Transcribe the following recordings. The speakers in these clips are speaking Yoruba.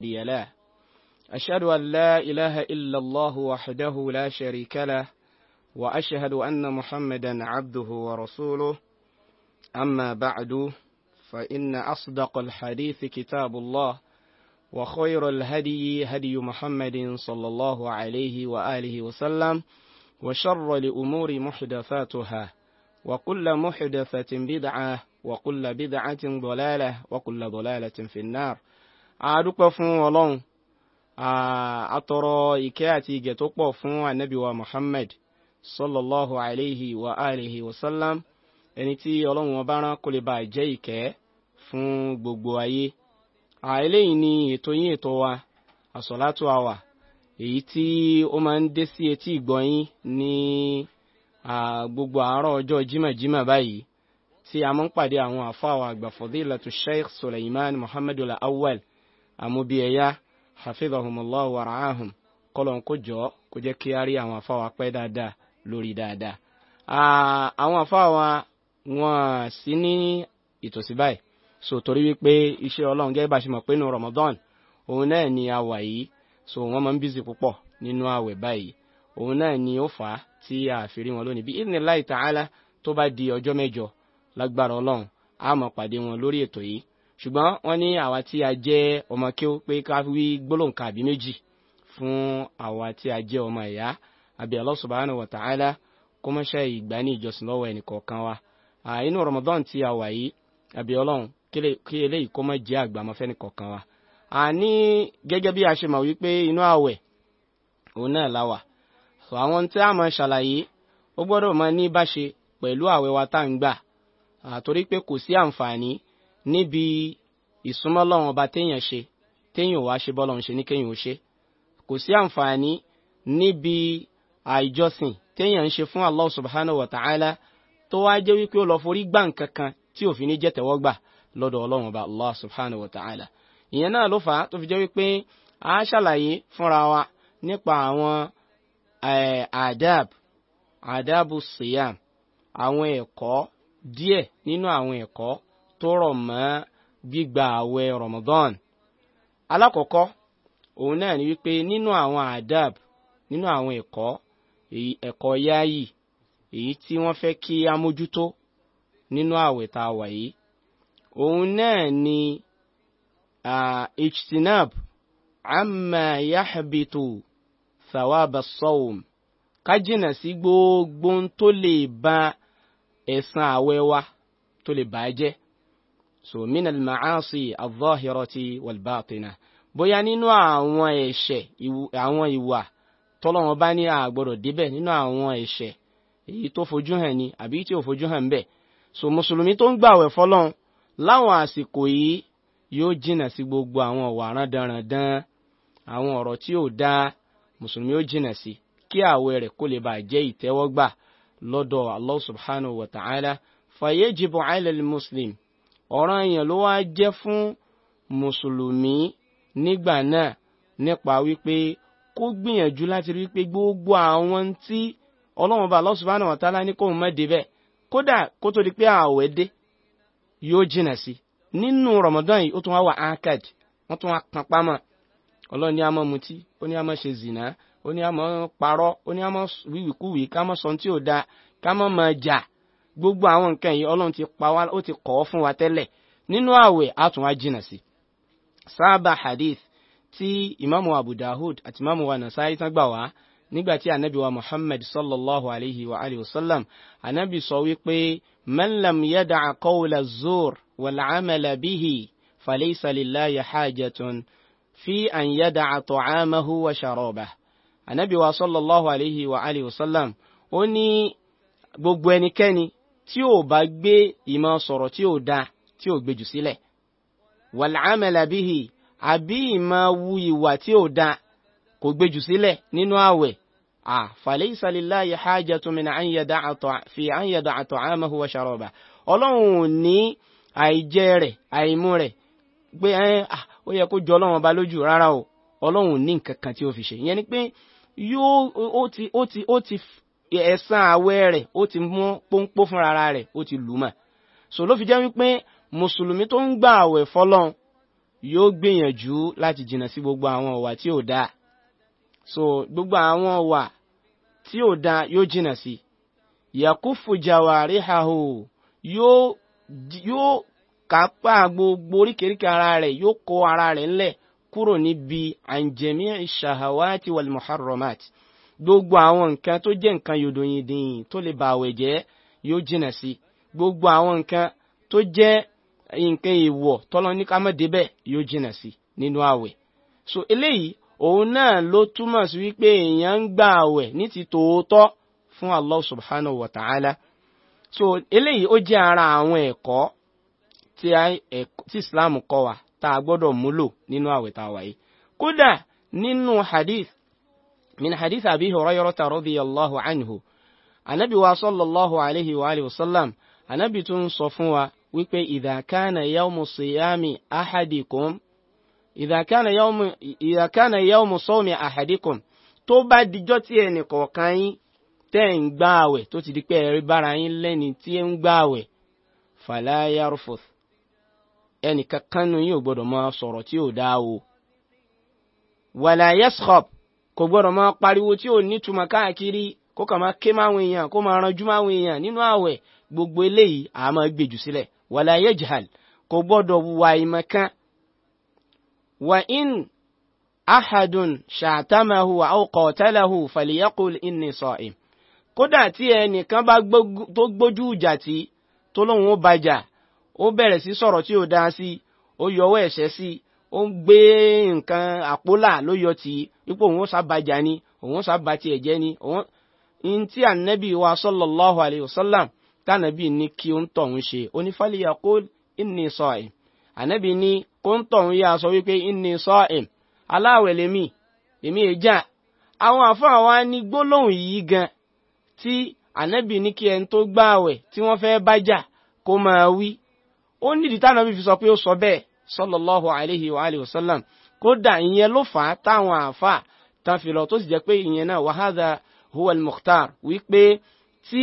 هادي له أشهد أن لا إله إلا الله وحده لا شريك له وأشهد أن محمدا عبده ورسوله أما بعد فإن أصدق الحديث كتاب الله وخير الهدي هدي محمد صلى الله عليه وآله وسلم وشر الأمور محدثاتها وكل محدثة بدعة وكل بدعة ضلالة وكل ضلالة في النار àdúpẹ́ fún ọlọ́run àtọrọ ìkẹ́ àti ìgẹ̀ tó pọ̀ fún anabiwa muhammed sallallahu alayhi wa alihi wa sallam ẹni tí ọlọ́run ọba rán kó lè bá jẹ́ ìkẹ́ fún gbogbo ayé àìléyìn ni ètò yín ètò wa àsọ̀látò àwà èyí tí ó máa ń dé sí etí ìgbọ̀nyín ní gbogbo àárọ̀ ọjọ́ jimajima báyìí tí a máa ń pàdé àwọn àfáà àgbà fadilatu sheikh suleiman muhammadul awwal àmúbíẹ̀yá hafidhahumullahu wa ra'ahum kọlọ̀n kó jọ kó jẹ́ kí á rí àwọn afáwa pẹ́ dáadáa lórí dáadáa. àwọn afáwa wọn sí ní ìtòsí báyìí so torí wípé iṣẹ́ ọlọ́run gẹ́gẹ́ bá ṣe mọ̀ pé nu Ramadan òun náà ni a wà yìí so wọ́n máa ń bízì púpọ̀ nínú àwẹ̀ báyìí òun náà ni ó fà á tí a fi rí wọn lónìí bí idhnillahi ta'ala tó bá di ọjọ́ mẹ́jọ lágbára ọlọ́run a máa pàdé wọn lórí ètò yìí ṣùgbọ́n wọ́n ní àwa tí a jẹ́ ọmọ kéwú pé ká wí gbólóǹkà àbí méjì fún àwa tí a jẹ́ ọmọ ìyá àbí Allah subhanahu wa ta'ala kọ́mọ́ṣẹ́ ìgbà ní ìjọsìn lọ́wọ́ ẹnìkọ̀ọ̀kan wa inú Ramadan tí a wà yìí àbí ọlọ́run kí eléyìí kọ́mọ́ jẹ́ àgbàmọ́fẹ́ nìkọ̀ọ̀kan wa àní gẹ́gẹ́ bí a ṣe mọ̀ wípé inú àwẹ̀ òun náà la wà so àwọn tí a máa ṣàlàyé ó gbọ́dọ̀ máa ní báṣe pẹ̀lú àwẹ̀ wa tá à ń gbà àtorí pé kò sí àǹfààní níbi ìsúnmọ́ Ọlọ́run ọba téèyàn ṣe téèyàn wá ṣe bọ́lọ́run ṣe ní kéèyàn ó ṣe kò sí àǹfààní níbi àìjọsìn téèyàn ń ṣe fún Allah subhanahu wa ta'ala tó wá jẹ́ wípé ó lọ forí gbà nǹkan kan tí òfin ní jẹ́ tẹ̀wọ́gbà lọ́dọ̀ Ọlọ́run ọba Allah subhanahu wa ta'ala ìyẹn náà ló fà á tó fi jẹ́ wípé a ṣàlàyé fúnra wa nípa àwọn adab adabu siyam àwọn ẹ̀kọ́ díẹ̀ nínú àwọn ẹ̀kọ́ tó rọ̀ mọ́ gbígba àwẹ̀ Ramadan alákọ̀ọ́kọ́ òun náà ni wípé nínú àwọn adab nínú àwọn ẹ̀kọ́ èyí ẹ̀kọ́ yáàyì èyí tí wọ́n fẹ́ kí a mójútó nínú àwẹ̀ tá a wà yìí òun náà ni ijtinab amma yahbitu thawaba sawm ká sí gbogbo tó lè ba ẹ̀san àwẹ̀ wa tó lè bàá jẹ́ so minal ma'asi al-zahirati wal-batina bóyá nínú àwọn ẹ̀ṣẹ̀ àwọn ìwà tọ́lọ́wọ́n bá ní àgbọ̀dọ̀ débẹ̀ nínú àwọn ẹ̀ṣẹ̀ èyí tó fojú hàn ni àbí tí ò fojú hàn bẹ́ẹ̀ so mùsùlùmí tó ń gbàwẹ̀ fọlọ́run láwọn àsìkò yìí yóò jìnà sí gbogbo àwọn ọ̀wà rándanrandan àwọn ọ̀rọ̀ tí ò dáa mùsùlùmí ó jìnà sí kí àwẹ̀ rẹ̀ kó lè bàa jẹ́ ìtẹ́wọ́gbà lọ́dọ̀ Allah subhanahu wa ta'ala fayajibu ala al-muslim ọ̀ràn èèyàn ló wá jẹ́ fún mùsùlùmí nígbà náà nípa wípé kó gbìyànjú láti rí pé gbogbo àwọn tí ọlọ́run bá Allah subhanahu wa ta'ala ní kóun má débẹ̀ kódà kó tó di pé ààwẹ̀ dé yóò jìnà sí nínú Ramadan yìí ó tún wá wà ákàd wọ́n tún wá kan pamọ́ ọlọ́run ní a mutí ó ní a ṣe zìnà ó ní a máa ó ní a wíwìkúwì ká máa sọ ohun tí ò da ká máa máa jà gbogbo àwọn nǹkan yìí ọlọ́run ti pa wá ó ti kọ́ fún wa tẹ́lẹ̀ nínú ààwẹ̀ a tún wá jìnà sí sábà hadith tí ìmáàmù abu dahud àti ìmáàmù wa nasaayi tán gbà wá nígbà tí anabi wa muhammad sallallahu alayhi wa alihi wa sallam anabi sọ wípé man lam yada'a qawla zur wal amala bihi falaysa lillahi hajatun fi an yada'a ta'amahu wa sharabahu anabi wa sallallahu alayhi wa alihi wa sallam ó ní gbogbo ẹnikẹ́ni tí ò bá gbé ìmọ̀ sọ̀rọ̀ tí ò da tí ò gbé jù sílẹ̀ wàlàámẹ́lá bíhì àbí ìmọ̀ wu ìwà tí ò da kò gbé jù sílẹ̀ nínú àwẹ̀ falaysa lillahi hajatun min an yada'a fi an yada'a ta'amahu wa sharabahu ọlọ́run ò ní àìjẹ rẹ̀ àìmú rẹ̀ pé ó yẹ kó jọ ọlọ́run ọba lójú rárá o ọlọ́run ní nǹkan kan tí ó fi ṣe ìyẹn ni pé yóò ó ti ó ti ó ti ẹ̀san àwẹ̀ rẹ̀ ó ti mú pọ́npọ́ fúnra ara rẹ̀ ó ti lù mọ̀ so ló fi jẹ́ wípé mùsùlùmí tó ń gba àwẹ̀ fọlọ́n yóò gbìyànjú láti jìnnà sí gbogbo àwọn ọ̀wà tí ò dáa so gbogbo àwọn ọ̀wà tí ò dáa yóò jìnnà sí yakufu jawarihahu yóò yóò kápá gbogbo oríkèéríkè ara rẹ̀ yóò kó ara rẹ̀ ńlẹ̀ kúrò níbi anjẹmí ṣahawati wal muharramati gbogbo àwọn nǹkan tó jẹ́ nǹkan yòdòyìndìn tó lè ba àwẹ̀ jẹ́ yóò jìnà sí gbogbo àwọn nǹkan tó jẹ́ nǹkan ìwọ̀ tọ́lọ́ ní kámẹ́dé bẹ́ẹ̀ yóò jìnà sí nínú àwẹ̀ so eléyìí òun náà ló túmọ̀ sí wípé èèyàn ń gba àwẹ̀ ní ti tòótọ́ fún Allah subhanahu wa ta'ala so eléyìí ó jẹ́ ara àwọn ẹ̀kọ́ tí Islam kọ́ wa tá a gbọ́dọ̀ múlò nínú àwẹ̀ tá a wà kódà nínú hadith min hadith abi hurayrata radiyallahu anhu anabi wa sallallahu alayhi wa alihi wa sallam anabi tún sọ fún wa wípé idha kana yawmu siyami ahadikum idha kana yawmu idha kana yawmu sawmi ahadikum tó bá dijọ́ tí ẹnì kọ̀ọ̀kan yín tẹ́ ń gbá àwẹ̀ tó ti di pé ẹ̀rí bára yín lẹ́ni tí ń gbá àwẹ̀ fala yarfuth ẹnì kankan nu yín ò gbọ́dọ̀ máa sọ̀rọ̀ tí ò dáa o wala yaskhab kò gbọ́dọ̀ máa pariwo tí ò nítumọ̀ káàkiri kó kàn máa ké máwọn èèyàn kó máa ranjú máwọn èèyàn nínú ààwẹ̀ gbogbo eléyìí a máa gbèjù sílẹ̀ wàlá yajhal kò gbọ́dọ̀ wà ìmọ̀kan wa in ahadun ṣàtàmàhù aw qatalahu falyaqul inni sa'im kódà tí ẹnìkan bá gbójú ìjà tí tó lóun ó bàjà ó bẹ̀rẹ̀ sí sọ̀rọ̀ tí ó dá sí ó yọwọ́ ẹ̀ṣẹ̀ sí ó ń gbé nǹkan àpólà ló yọ tì í ipò òun ó sábàjá ni òun ó sábà tiẹ̀ jẹ́ ni òun ní tí ànábì wa sallallahu alayhi wa sallam tànàbì ní kí ó ń tọ̀hún ṣe onífàlìyà kó inni sa'im ànábì ní kó ń tọ̀hún yá sọ wípé inni sa'im aláwẹ̀ lèmi èmi èjà àwọn àfáà wa ní gbólóhùn yìí gan tí ànábì ní kí ẹni tó gbààwẹ̀ tí wọ́n fẹ́ bájà kó máa wí ó nídìí tànàbì fi sọ pé ó sọ bẹ́ẹ̀ sallallahu alayhi wa alihi wa sallam kódà ìyẹn ló fà á táwọn àáfà tán fi lọ tó sì jẹ́ pé ìyẹn náà wàhádà huwa al-mukhtar wípé tí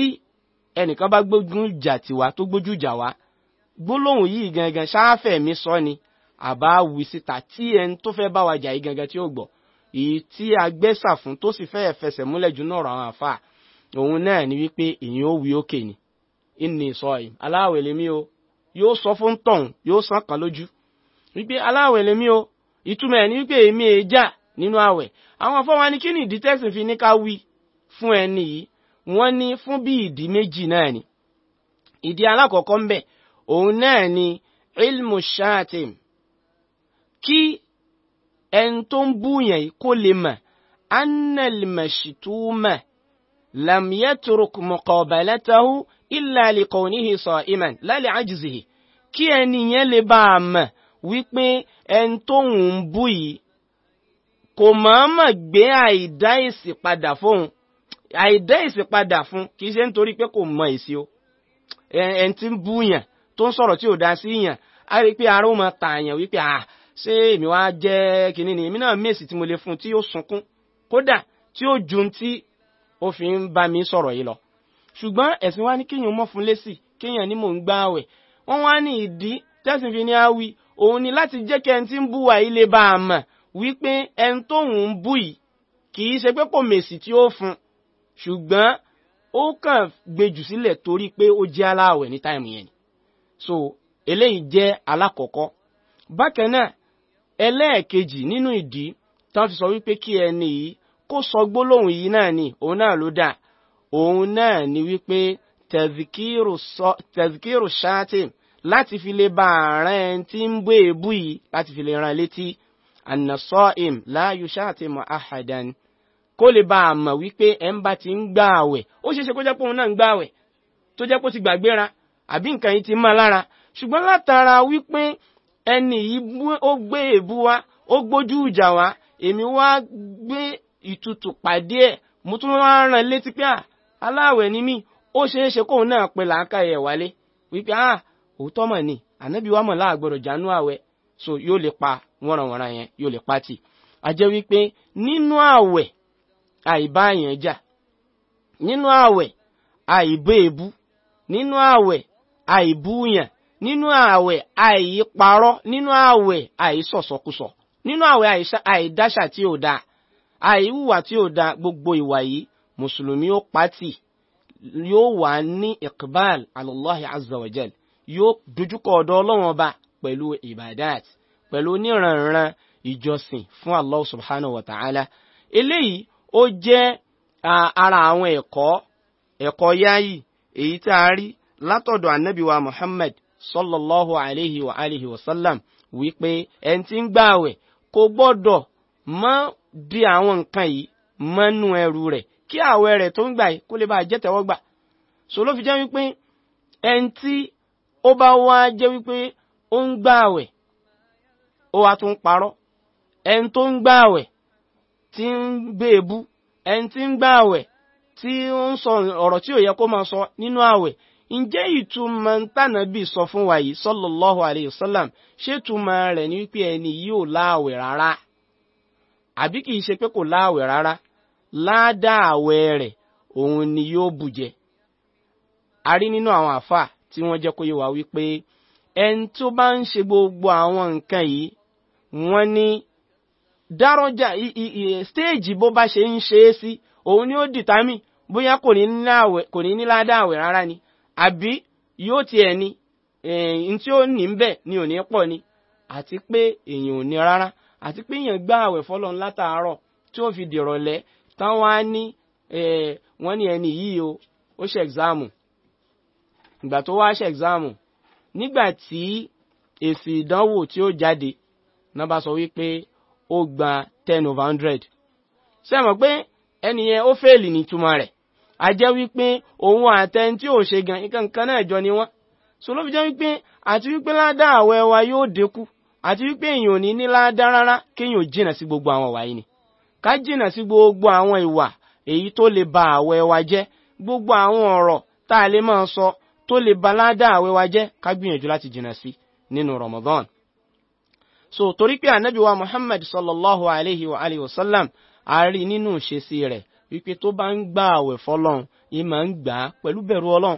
ẹnìkan bá gbójú jà tiwa tó gbójú jà wá gbólóhùn yìí gangan ṣááfẹ̀ mi sọ ni àbá wí síta tí ẹni tó fẹ́ bá wa jà yìí gangan tí ó gbọ́ èyí tí a gbẹ́sà fún tó sì fẹ́ fẹsẹ̀ múlẹ̀ jù náà rọ àwọn àfà òun náà ni wípé èyí ó wí òkè ni inni sọ yìí aláwẹ̀ o yóò sọ fún tọ̀hún yóò sàn kan lójú wípé aláwẹ̀ lèmi o ìtumọ̀ ẹ̀ ní wípé èmi è jà nínú àwẹ̀ àwọn afọ́wá ní kí ni ìdí tẹ́sìn fi ní ká wí fún ẹni yìí wọ́n ní fún bí ìdí méjì náà ni ìdí alákọ̀ọ́kọ́ ń bẹ òun náà ni ilmu shatim kí ẹni tó ń búyàn kó lè mọ̀ annal mashtuma lam yatruk muqabalatahu illa liqawnihi sa'iman la li'ajzihi kí ẹni yẹn lè bá a mọ̀ wípé ẹni tóun ń bú yìí kò mọ̀ọ́mọ̀ gbé àìdá èsì padà fóun àìdá èsì padà fún kìí ṣe nítorí pé kò mọ èsì o ẹni tí ń bú yàn tó ń sọ̀rọ̀ tí ò dá sí yàn á rí pé ara ó mọ tààyàn wípé à ṣé èmi wá jẹ́ kínní ni èmi náà mèsì tí mo lè fún tí ó sunkún kódà tí ó ju tí ó fi ń bá mi sọ̀rọ̀ yìí lọ ṣùgbọ́n ẹ̀sìn wa ní kéèyàn mọ́ fún lésì kéèyàn ní mò ń gbààwẹ̀ wọ́n wá ní ìdí tẹ́sìn fi ní á wí òun ni láti jẹ́ kí ẹni tí ń bú wa yìí lè bá a mọ̀ wípé ẹni tóun ń bú yìí kì í ṣe pé kò mèsì tí ó fún ṣùgbọ́n ó kàn gbejù sílẹ̀ torí pé ó jẹ́ aláwẹ̀ ní táìmù yẹn so eléyìí jẹ́ alákọ̀ọ́kọ́ bákan náà ẹlẹ́ẹ̀kejì nínú ìdí tán fi sọ wípé kí ẹni yìí kó sọ gbólóhùn yìí náà ni òun náà ló dà òun náà ni wípé tẹ̀síkírù ṣáàtìm láti fi lè bá àárẹ̀ ẹni tí ń bú èébú yìí láti fi lè rán létí ànàsọ́ im láàyò ṣáàtìmọ̀ àhàdàn kó lè ba a wípé ẹ̀ ń bá ti ń gbà àwẹ̀ ó ṣeéṣe kó jẹ́ pé òun náà ń gbà àwẹ̀ tó jẹ́ pé ó ti gbàgbéra àbí nǹkan yìí ti mọ́ lára ṣùgbọ́n látara wípé ẹni yìí ó gbé èébú wá ó gbójú ìjà wá èmi wá gbé ìtutù pàdé ẹ̀ mo tún wá rán létí pé aláàwẹ̀ ni mí ó ṣeéṣe kóun náà pe làákàyè wálé wípé ah òótọ́ mọ̀ ni ànábì wa mọ̀ láàgbọ̀rọ̀ jánú àwẹ̀ so yóò lè pa wọ́nranwọ̀nran yẹn yóò lè pa tì a jẹ́ wípé nínú àwẹ̀ àìbáyàn jà nínú àwẹ̀ àìbó èbú nínú àwẹ̀ àìbúyàn nínú àwẹ̀ àìparọ́ nínú àwẹ̀ àìsọ̀sọ̀kúsọ̀ nínú àwẹ̀ àìdáṣà tí ò dáa àìwùwà tí ò dáa gbogbo ìwà yìí mùsùlùmí ó pátì yóò wà ní iqbal alallahi azza wa yóò dojúkọ ọ̀dọ̀ ọlọ́run ọba pẹ̀lú ibadat pẹ̀lú oníranran ìjọsìn fún allah subhanahu wa ta'ala eléyìí ó jẹ́ ara àwọn ẹ̀kọ́ ẹ̀kọ́ yáyì èyí tá a rí látọ̀dọ̀ ànábì wa muhammad sallallahu alayhi wa alihi wasallam sallam wípé ẹni tí ń gbààwẹ̀ kò gbọ́dọ̀ má di àwọn nǹkan yìí mọ́nú ẹrù rẹ̀ kí àwẹ̀ rẹ̀ tó ń gbà yìí kó lè bá jẹ́ tẹ́wọ́gbà so ló fi jẹ́ wípé ẹni tí ó bá wá jẹ́ wípé ó ń àwẹ̀ ó wá tún parọ́ ẹn tó ń àwẹ̀ tí ń bèèbú ẹn tí ń àwẹ̀ tí ó ń sọ ọ̀rọ̀ tí ò yẹ kó máa sọ nínú àwẹ̀ ǹjẹ́ ìtumọ̀ tánàbí sọ fún wa yìí sallallahu alayhi wasallam ṣé ìtumọ̀ rẹ̀ ní wípé ẹni yìí ò láàwẹ̀ rárá àbí kìí ṣe pé kò láàwẹ̀ rárá ládàáwẹ̀ rẹ̀ òun ni yóò bùjẹ a rí nínú àwọn àfáà tí wọ́n jẹ́ kó yé wa wípé ẹni tó bá ń ṣe gbogbo àwọn nǹkan yìí wọ́n ní dárọ́jà stéèjì bó bá ṣe ń ṣe é sí òun ni ó dìtámì bóyá kò ní ní ládàáwẹ̀ rárá ni àbí yóò tiẹ̀ ní eh, n tí ó ní bẹ̀ ni ò ní pọ̀ ni àti pé èèyàn ò ní rárá àti pé èèyàn gbá àwẹ̀ fọlọ́n látàárọ̀ tí ó fi dìrọ̀lẹ́ táwọn á ní eh, wọ́n ní ẹni yìí o ó ṣe ẹ̀gzáàmù ìgbà tó wá ṣe ẹ̀gzáàmù nígbà tí èsì ìdánwò tí ó jáde náà bá sọ wípé ó gba ten over hundred ṣe mọ̀ pé ẹni yẹn ó fèèlì nítumọ̀ rẹ̀ a jẹ́ wípé òun àtẹni tí ò ṣe gan nǹkan kan náà jọ ni wọ́n so ló fi jẹ́ wípé àti wípé ládá àwẹ̀ wa yóò dínkù àti wípé èèyàn ò ní ní ládá rárá kéèyàn jìnà sí gbogbo àwọn ìwà yìí ni ká jìnà sí gbogbo àwọn ìwà èyí tó lè ba àwẹ̀ wa jẹ́ gbogbo àwọn ọ̀rọ̀ tá a lè máa sọ tó lè balada àwẹ̀ wa jẹ́ ká gbìyànjú láti jìnà sí nínú Ramadan so torí pé ànábì Muhammad sallallahu alayhi wa alayhi wa sallam a rí nínú ìṣesí rẹ̀ wípé tó bá ń gba àwẹ̀ fọlọ́n ìmọ̀ ń gbà á pẹ̀lú bẹ̀rù ọlọ́run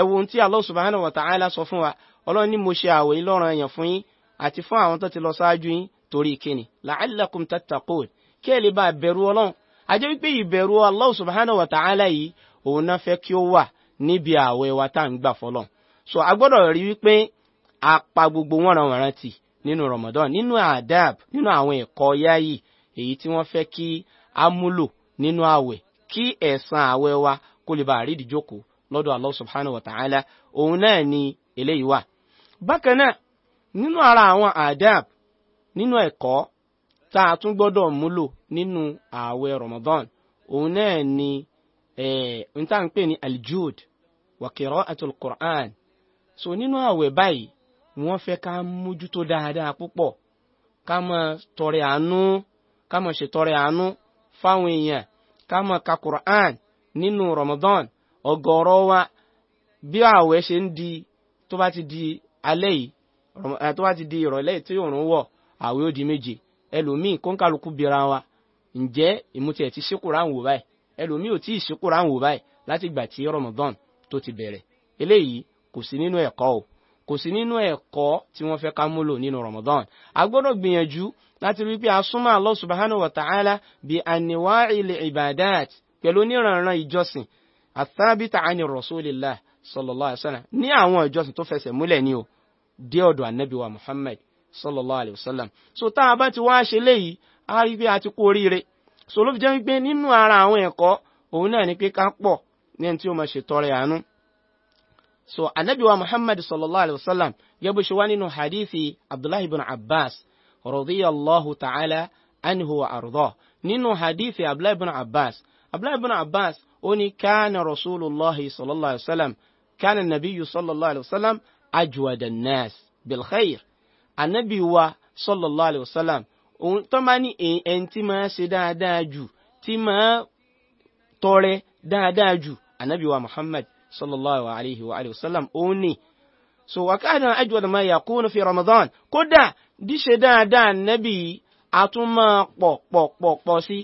ẹ̀wù tí Allah subhanahu wa ta'ala sọ fún wa ọlọ́run ní mo ṣe àwẹ̀ ìlọ́ràn èèyàn fún yín àti fún àwọn tó ti lọ ṣáájú yín torí kíni la'allakum tattaqun kí ẹ lè bá bẹ̀rù ọlọ́run àjẹ́ wípé ìbẹ̀rù Allah subhanahu wa ta'ala yìí òun náà fẹ́ kí ó wà níbi àwẹ̀ wa tá à ń gbà fọlọ́ so a gbọ́dọ̀ rí wípé a pa gbogbo wọn ràn nínú Ramadan nínú adab nínú àwọn ẹ̀kọ́ yáyì èyí tí wọ́n fẹ́ kí a múlò nínú àwẹ̀ kí ẹ̀san àwẹ̀ wa kó lè bá a rí ìdíjókò lọ́dọ̀ Allah subhanahu wa ta'ala òun náà ni eléyìí wà. bákan náà nínú ara àwọn adab nínú ẹ̀kọ́ tá a tún gbọ́dọ̀ múlò nínú ààwẹ̀ Ramadan òun náà ni Eh, n tá à ń pè ní aljud wa qira'atul Qur'an so nínú àwẹ̀ báyìí wọ́n fẹ́ ká mójútó dáadáa púpọ̀ ká máa tọrẹ àánú ká máa ṣètọrẹ àánú fáwọn èèyàn ká máa ka Qur'an nínú Ramadan ọ̀gọ̀rọ̀ wa bí àwẹ̀ ṣe ń di tó bá ti di alẹ́ yìí eh, tó bá ti di ìrọ̀lẹ́ tí òòrùn wọ̀ àwẹ̀ ó di méje ẹlòmíì kó ń kálukú bira wa ǹjẹ́ ìmútiẹ̀ ti ṣí Qur'an wò báyìí ẹlòmíì ò tí ì ṣíkúra ń wò báyìí láti gbà tí Ramadan tó ti bẹ̀rẹ̀ eléyìí kò sí nínú ẹ̀kọ́ o kò sí nínú ẹ̀kọ́ tí wọ́n fẹ́ ká múlò nínú Ramadan a gbọ́dọ̀ gbìyànjú láti rí pé a súnmọ́ Allah subhanahu wa ta'ala bí aniwa'il ibadat pẹ̀lú oníranran ìjọsìn athabita ani rasulillah sallallahu alaihi wasallam ní àwọn ìjọsìn tó fẹsẹ̀ múlẹ̀ ni o dé ọ̀dọ̀ anabi wa Muhammad sallallahu alaihi wasallam so tá a bá ti wá ṣe léyìí a rí pé a ti kú oríire so ló fi jẹ́ wípé nínú ara àwọn ẹ̀kọ́ òun náà ni pé ká pọ̀ ní ẹni tí ó máa ṣètọrẹ àánú so anabi wa muhammad sallallahu alaihi wasallam gẹ́gbẹ́ ṣe wá nínú hadithi abdullahi ibn abbas radiyallahu ta'ala anhu wa arda nínú hadithi abdullahi ibn abbas abdullahi ibn abbas ó ní kánà rasulullahi sallallahu alaihi wasallam kánà nabiyyu sallallahu alaihi wasallam ajwada nas bilkhair anabi sallallahu alaihi wasallam òun tó máa ní ẹni tí máa ṣe dáadáa jù tí máa tọrẹ dáadáa jù ànábì wa Muhammad sallallahu alaihi wa alihi wa sallam òun ni so wàkàdàn ajwada ma yakunu fi Ramadan kódà díṣe dáadáa nábì àtúmọ̀ pọ̀ pọ̀ pọ̀ pọ̀ sí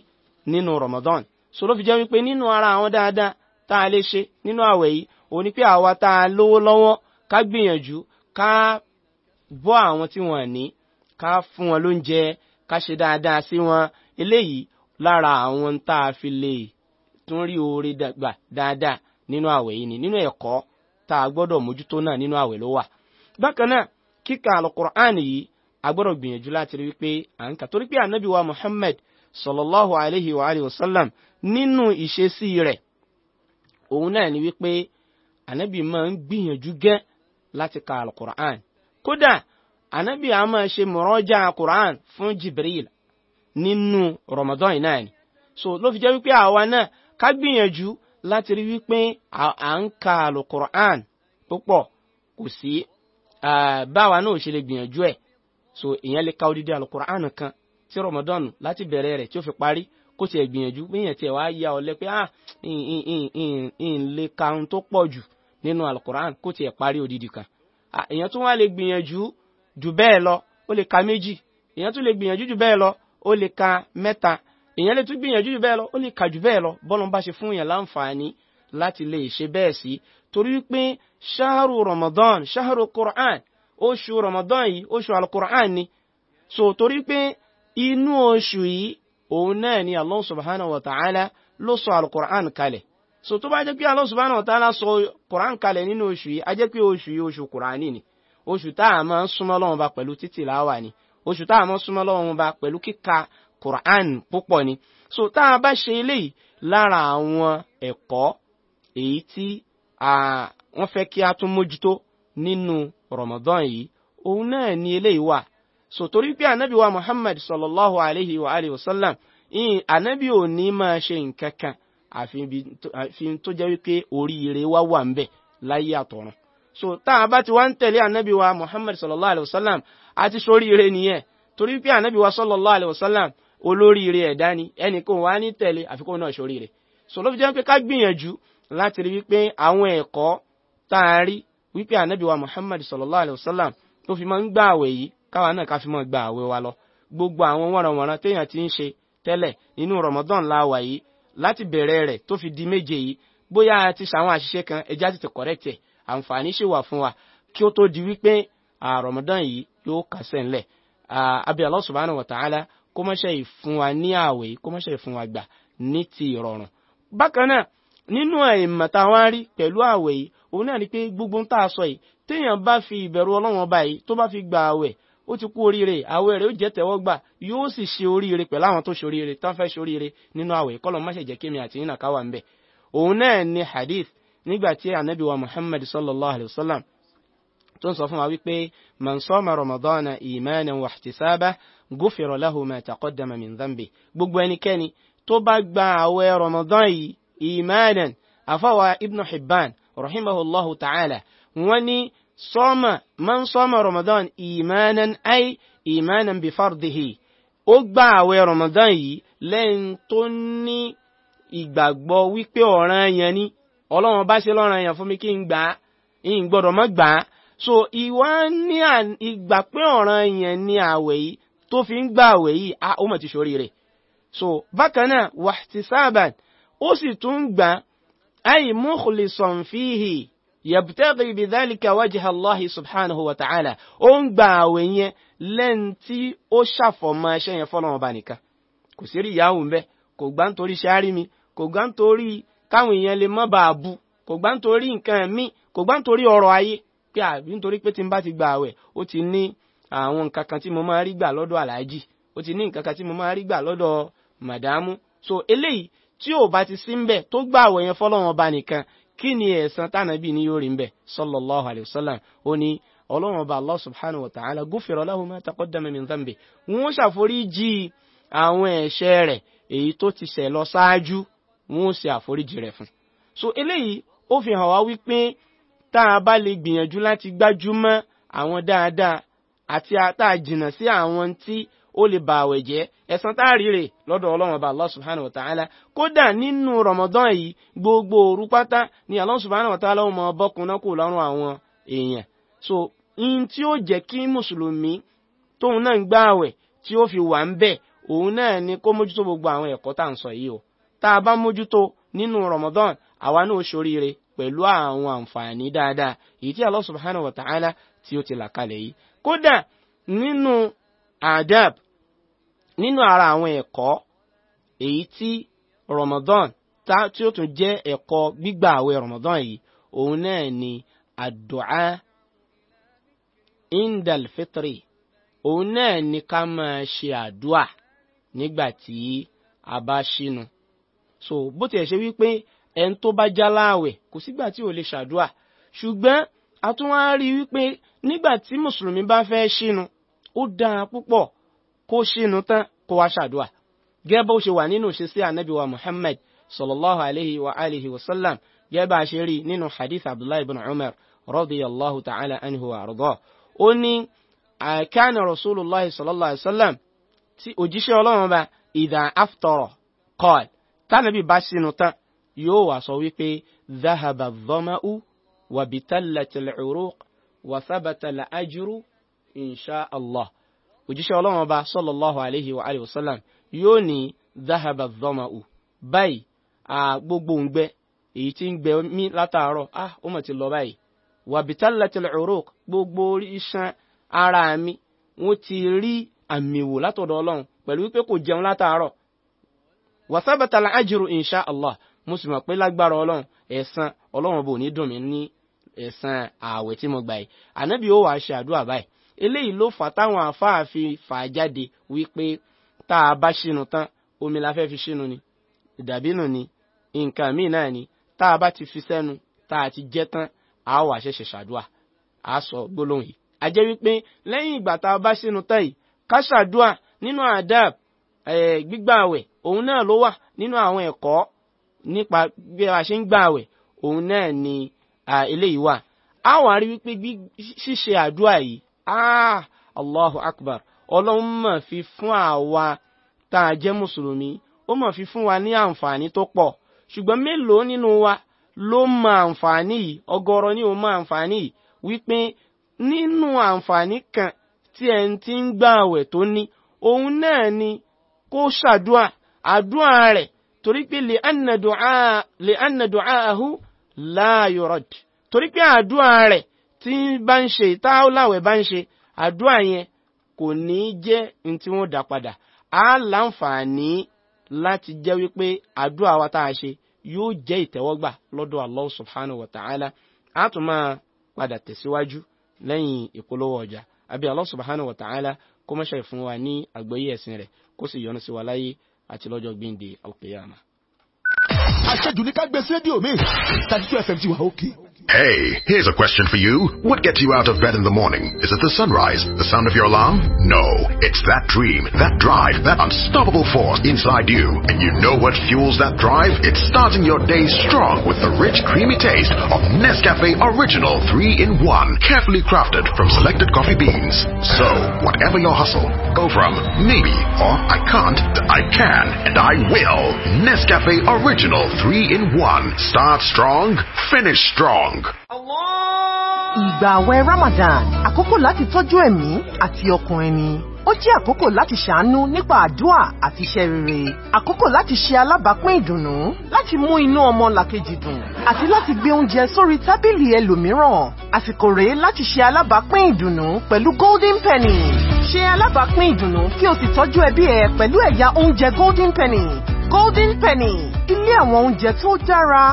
nínú Ramadan so ló fi jẹ́ wípé nínú ara àwọn dáadáa tá a lè ṣe nínú àwẹ̀ yìí ó ní pé àwa tá a lówó lọ́wọ́ ká gbìyànjú ká bọ́ àwọn tí wọ́n ní ká fún wọn lóúnjẹ ká ṣe dáadáa sí wọn eléyìí lára àwọn tá a fi lè tún rí oore dàgbà dáadáa nínú àwẹ̀ yìí ni nínú ẹ̀kọ́ tá a gbọ́dọ̀ mójútó náà nínú àwẹ̀ ló wà. bákan náà kíkà alukur'an yìí a gbọ́dọ̀ gbìyànjú láti rí wípé à ń kà torí pé ànábì wa muhammad sallallahu alayhi wa alayhi wa sallam nínú ìṣesí rẹ̀ òun náà ni wípé ànábì máa ń gbìyànjú gẹ́ láti ka alukur'an kódà anabi a máa ṣe mọ̀rọ́jà quran fún jibril nínú ramadan náà ni so ló fi jẹ́ wípé àwa náà ká gbìyànjú láti rí wípé à ń ka àlò quran púpọ̀ kò sí báwa náà ṣe lè gbìyànjú ẹ̀ so ìyẹn lè ka odidi àlò quran kan tí ramadan láti bẹ̀rẹ̀ rẹ̀ tí ó fi parí kó tiẹ̀ gbìyànjú gbìyànjú tiẹ̀ wá ya ọ̀lẹ pé ah n lè ka ohun tó pọ̀ jù nínú alukoran kó tiẹ̀ parí odidi kan ìyẹn tó wá lè gbìyànjú jù bẹ́ẹ̀ lọ ó lè ka méjì èèyàn tún lè gbìyànjú jù bẹ́ẹ̀ lọ ó lè ka mẹ́ta èèyàn lè tún gbìyànjú jù bẹ́ẹ̀ lọ ó lè ka jù bẹ́ẹ̀ lọ bọ́lọ́n bá ṣe fún èèyàn láǹfààní láti lè ṣe bẹ́ẹ̀ sí torí pé ṣáàrù Ramadan ṣáàrù Qur'an oṣù Ramadan yìí oṣù al-Qur'an ni so torí pé inú oṣù yìí òun náà ni Allah subhanahu wa ta'ala ló sọ al-Qur'an kalẹ̀ so tó bá jẹ́ pé Allah subhanahu wa ta'ala sọ Qur'an kalẹ̀ nínú oṣù yìí a jẹ́ pé oṣù yìí oṣù Qur'ani ni oṣù tá a máa ń súnmọ́ lọ́wọ́n ba pẹ̀lú títì láwà ni oṣù tá a máa ń súnmọ́ lọ́wọ́n ba pẹ̀lú kíka quran púpọ̀ ni so tá a bá ṣe eléyìí lára àwọn ẹ̀kọ́ èyí tí wọ́n fẹ́ kí a tún mójútó nínú ramadan yìí òun náà ni eléyìí wà so torí pé anabi wa muhammad sallallahu alayhi wa alayhi wa sallam anabi ò ní máa ṣe nǹkan kan àfi tó jẹ́ wípé oríire wá wà ń bẹ̀ láyé àtọ̀run so tá a bá ti wá ń tẹ̀lé ànábì wa muhammad sallallahu alayhi wa sallam àti soríire nìyẹn torí pé ànábì wa sallallahu alayhi wa sallam olóríire ẹ̀dá ni ẹnì kò wá ní tẹ̀lé àfikún náà soríire so ló fi jẹ́ pé ká gbìyànjú láti rí wípé àwọn ẹ̀kọ́ tá a rí wípé ànábì wa muhammad sallallahu alayhi wa sallam tó fi máa ń gba àwẹ̀ yìí káwa náà ká fi máa gba àwẹ̀ wa lọ gbogbo àwọn wọ̀nranwọ̀nran téèyàn ti ń ṣe tẹ́lẹ̀ nínú ramadan láwa yìí láti bẹ̀rẹ̀ rẹ̀ tó fi di méje yìí bóyá a ti ṣàwọn àṣìṣe kan ẹja ti ti correct ẹ̀ àǹfààní ṣì wà fún wa kí ó tó di wípé Ramadan yìí yóò kásẹ̀ ńlẹ̀ àbí Allah subhanahu wa ta'ala kó má ṣe ìfún wa ní àwẹ̀ kó má ṣe ìfún wa gbà ní ti ìrọ̀rùn. bákan náà nínú àìmọ̀ táwọn rí pẹ̀lú àwẹ̀ yìí òun náà ni pé gbogbo ń tà sọ yìí téèyàn bá fi ìbẹ̀rù Ọlọ́run ọba yìí tó bá fi gba àwẹ̀ ó ti kú oríire àwẹ̀ rẹ̀ ó jẹ́ tẹ́wọ́gbà yóò sì ṣe oríire pẹ̀lú àwọn tó ṣe oríire tán fẹ́ ṣe oríire nínú àwẹ̀ kọ́lọ̀ má jẹ́ kémi àti yín nàká ń bẹ̀. òun náà ni hadith nígbàtí ànábì wa muhammad sallallahu alayhi wa sallam tó ń sọ fún wa wípé man sọ́mà ramadana imanan wa ihtisaban gufira lahu ma taqaddama min dhanbi gbogbo ẹnikẹ́ni tó bá gba àwẹ̀ ramadan yìí imanan afáwa ibn hibban rahimahullahu ta'ala wọ́n ní sọ́mà man sọ́mà ramadan imanan ay imanan bi fardihi ó gba àwẹ̀ ramadan yìí lẹ́yìn tó ní ìgbàgbọ́ wípé ọ̀ranyàn ni ọlọ́run bá ṣe lọ́ràn èèyàn fún mi kí n gbà á ìyìn gbọ́dọ̀ mọ́ gbà á so ìwà ní ìgbà pé ọ̀ràn èèyàn ní àwẹ̀ yìí tó fi ń gbà àwẹ̀ yìí a ó mọ̀ ti ṣorí rẹ̀ so bákan náà wahtisaban ó sì tún gbà ay mukhlisan fihi yabtaghi bidhalika wajha Allahi subhanahu wa ta'ala ó ń gbà àwẹ̀ yẹn lẹ́n tí ó ṣàfọ̀mọ́ ẹṣẹ́ yẹn fọ́lọ́wọ́n bá nìkan kò sí rí ìyáwó ń bẹ́ kò gbá ń ṣáárí mi kò gbá ń káwọn èèyàn lè mọ́ bá bu kò gbá nítorí nǹkan mi kò gbá nítorí ọrọ̀ ayé pé àbí nítorí pé tí n bá ti gba àwẹ̀ ó ti ní àwọn nǹkan kan tí mo máa rí gbà lọ́dọ̀ aláàjì ó ti ní nǹkan kan tí mo máa rí gbà lọ́dọ̀ màdámù so eléyìí tí ò bá ti sí ń bẹ̀ tó gba àwẹ̀ yẹn fọlọ́wọn ọba nìkan kí ni ẹ̀san tánàbí ni yóò rí ń bẹ̀ sallallahu alayhi wa sallam ó ní ọlọ́run ọba allah subhanahu wa ta'ala gufira lahu ma taqaddama min dhanbi wọ́n ṣàforíjì àwọn ẹ̀ṣẹ̀ rẹ̀ èyí tó ti ṣẹ̀ lọ ṣáájú wọn ó ṣe àforíjì rẹ̀ fún so eléyìí ó fi hàn wá wípé tá a bá lè gbìyànjú láti gbájúmọ́ àwọn dáadáa àti tá a jìnnà sí àwọn tí ó lè ba àwẹ̀ jẹ́ ẹ̀san tá a rí lọ́dọ̀ ọlọ́run ọba allah subhanahu wa ta'ala kódà nínú ramadan yìí gbogbo òru pátá ni allah subhanahu wa ta'ala ọmọ ọbọkùnrin kò lọ́rùn àwọn èèyàn so in tí ó jẹ́ kí mùsùlùmí tóun náà ń gbá àwẹ̀ tí ó fi wà ń bẹ̀ òun náà ni kó mójútó gbogbo àwọn ẹ̀kọ́ tá à ń sọ yìí o tá a bá mójútó nínú Ramadan àwa náà ṣoríire pẹ̀lú àwọn àǹfààní dáadáa èyí tí Allah subhanahu wa ta'ala tí ó ti là kalẹ̀ yìí kódà nínú adab nínú ara àwọn ẹ̀kọ́ èyí tí Ramadan tí ó tún jẹ́ ẹ̀kọ́ gbígbà àwẹ̀ Ramadan yìí òun náà ni àdùá indal fitri òun náà ni ká máa ṣe àdúà nígbà tí a bá ṣínu so bó tiẹ̀ ṣe wípé ẹni tó bá já láàwẹ̀ kò sígbà tí ò lè ṣàdúà ṣùgbọ́n a tún wá rí wípé nígbà tí mùsùlùmí bá fẹ́ ṣínu ó dára púpọ̀ kó ṣínu tán kó wá ṣàdúà gẹ́gẹ́ bó ṣe wà nínú ṣe sí ànábì wa Muhammad sallallahu alayhi wa alihi wa sallam gẹ́gẹ́ bá ṣe rí nínú hadith Abdullahi ibn Umar radiyallahu ta'ala anhu wa ó ní kana rasulullah sallallahu alayhi wa sallam tí òjíṣẹ́ ọlọ́run bá idha aftara qala tánàbí bá sínú tán yóò wá sọ wípé zahaba dhoma'u wabitallatil uruq wasabatala ajuru insha allah òjíṣẹ́ ọlọ́run ọba sallallahu alayhi wa alayhi wa sallam yóò ní zahaba dhoma'u báyìí gbogbo ń gbẹ èyí tí ń gbẹ mí látàárọ̀ ah ó mọ̀ ti lọ báyìí wabitallatil uruq gbogbo iṣan ara mi wọ́n ti rí àmì wò látọ̀dọ̀ ọlọ́run pẹ̀lú wípé kò jẹun látàárọ̀ wàsábàtà àjùrù insha allah mo sì mọ̀ pé lágbára ọlọ́run ẹ̀san ọlọ́run bò ní dùn mí ní ẹ̀san ààwẹ̀ tí mo gbà yìí ànábì ó wàá ṣe àdúrà báyìí eléyìí ló fà táwọn àfáà fi fà jáde wípé tá a bá ṣínú tán omi la fẹ́ fi ṣínú ni ìdàbínú ni nǹkan míì náà ni tá a bá ti fi sẹ́nu tá a ti jẹ́ tán a wà ṣẹ̀ṣẹ̀ ṣàdúà a sọ gbólóhùn yìí a wípé lẹ́yìn ìgbà tá a bá ṣínú tán yìí ká ṣàdúà nínú àdáb gbígbà àwẹ̀ òun náà ló wà nínú àwọn ẹ̀kọ́ nípa bí a ṣe ń gbààwẹ̀ òun náà ni eléyìí wà a wà rí wípé ṣíṣe àdúrà yìí ah allahu akbar ọlọ́run mọ̀ fi fún àwa tá a jẹ́ mùsùlùmí ó mọ̀ fi fún wa ní àǹfààní tó pọ̀ ṣùgbọ́n mélòó nínú wa ló mọ àǹfààní yìí ọ̀gọ̀rọ̀ ni ó mọ àǹfààní yìí wípé nínú àǹfààní kan tí ẹni tí ń gbààwẹ̀ tó ní òun náà ni kó ṣàdúà àdúrà rẹ̀ torí pé lè anna du'aahu la yurad torí pé àdúrà rẹ̀ tí bá ń ṣe ìtaláwẹ̀ bá ń ṣe àdúrà yẹn kò ní jẹ́ ní tí wọ́n dá padà á láǹfààní láti jẹ́ wípé àdúrà wa tá a ṣe yóò jẹ́ ìtẹ́wọ́gbà lọ́dọ̀ Allah subhanahu wa ta'ala á tún máa padà tẹ̀síwájú lẹ́yìn ìpolówó ọjà àbí Allah subhanahu wa ta'ala kó mọ́ṣẹ́ fún wa ní àgbọ́yé ẹ̀sìn rẹ̀ kó sì yọ́nú sí wa láyé àti lọ́jọ́ gbíǹde alqiyama. àṣejù ní ká gbé sí rédíò mi thirty two fm ti wà ókè. Hey, here's a question for you. What gets you out of bed in the morning? Is it the sunrise? The sound of your alarm? No, it's that dream, that drive, that unstoppable force inside you. And you know what fuels that drive? It's starting your day strong with the rich, creamy taste of Nescafe Original 3-in-1, carefully crafted from selected coffee beans. So, whatever your hustle, go from maybe or I can't to I can and I will. Nescafe Original 3-in-1. Start strong, finish strong. strong. Ìgbà àwẹ̀ Ramadan, àkókò láti tọ́jú ẹ̀mí àti ọkàn ẹni. Ó jẹ́ àkókò láti ṣàánú nípa àdúà àti iṣẹ́ rere. Àkókò láti ṣe alábàápín ìdùnnú, láti mú inú ọmọ làkejì dùn, àti láti gbé oúnjẹ sórí tábìlì ẹlòmíràn. Àsìkò rèé láti ṣe alábàápín ìdùnnú pẹ̀lú Golden Penny. Ṣe alábàápín ìdùnnú kí o sì tọ́jú ẹbí ẹ pẹ̀lú ẹ̀yà oúnjẹ Golden Penny. Golden Penny, ilé àwọn oúnjẹ tó dára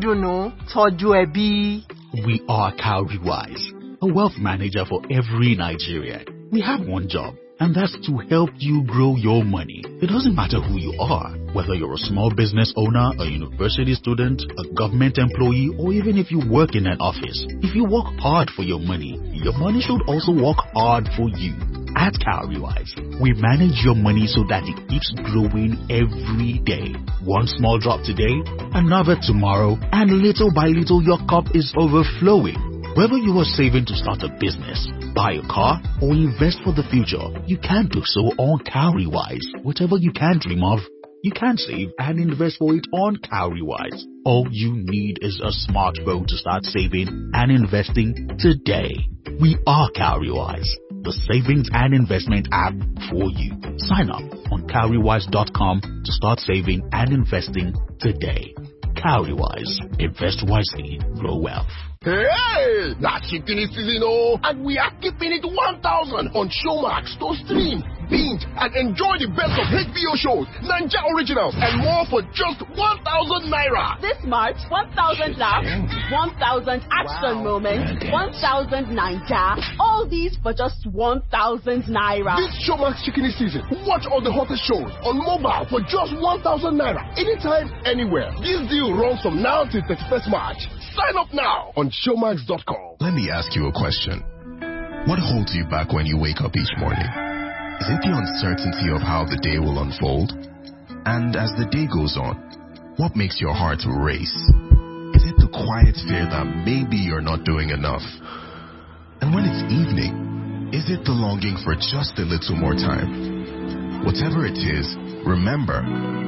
do know. tọ́jú ẹbí. We are Cowry Wise, a wealth manager for every Nigerian. We have one job. And that's to help you grow your money. It doesn't matter who you are, whether you're a small business owner, a university student, a government employee, or even if you work in an office. If you work hard for your money, your money should also work hard for you. At Calgary Wise, we manage your money so that it keeps growing every day. One small drop today, another tomorrow, and little by little your cup is overflowing. Whether you are saving to start a business, buy a car, or invest for the future, you can do so on Cowrie Wise. Whatever you can dream of, you can save and invest for it on Cowrie Wise. All you need is a smartphone to start saving and investing today. We are Cowrie Wise the savings and investment app for you. Sign up on carrywise.com to start saving and investing today. Carrywise, invest wisely, grow wealth. Hey, that's it in season, oh, and we are keeping it 1000 on Showmax to stream binge and enjoy the best of HBO shows, Ninja Originals, and more for just 1,000 Naira. This March, 1,000 laughs, 1,000 action wow. moments, 1,000 Ninja. All these for just 1,000 Naira. This Showmax Chicken season. Watch all the hottest shows on mobile for just 1,000 Naira. Anytime, anywhere. This deal runs from now till 31st March. Sign up now on Showmax.com. Let me ask you a question. What holds you back when you wake up each morning? Is it the uncertainty of how the day will unfold? And as the day goes on, what makes your heart race? Is it the quiet fear that maybe you're not doing enough? And when it's evening, is it the longing for just a little more time? Whatever it is, remember,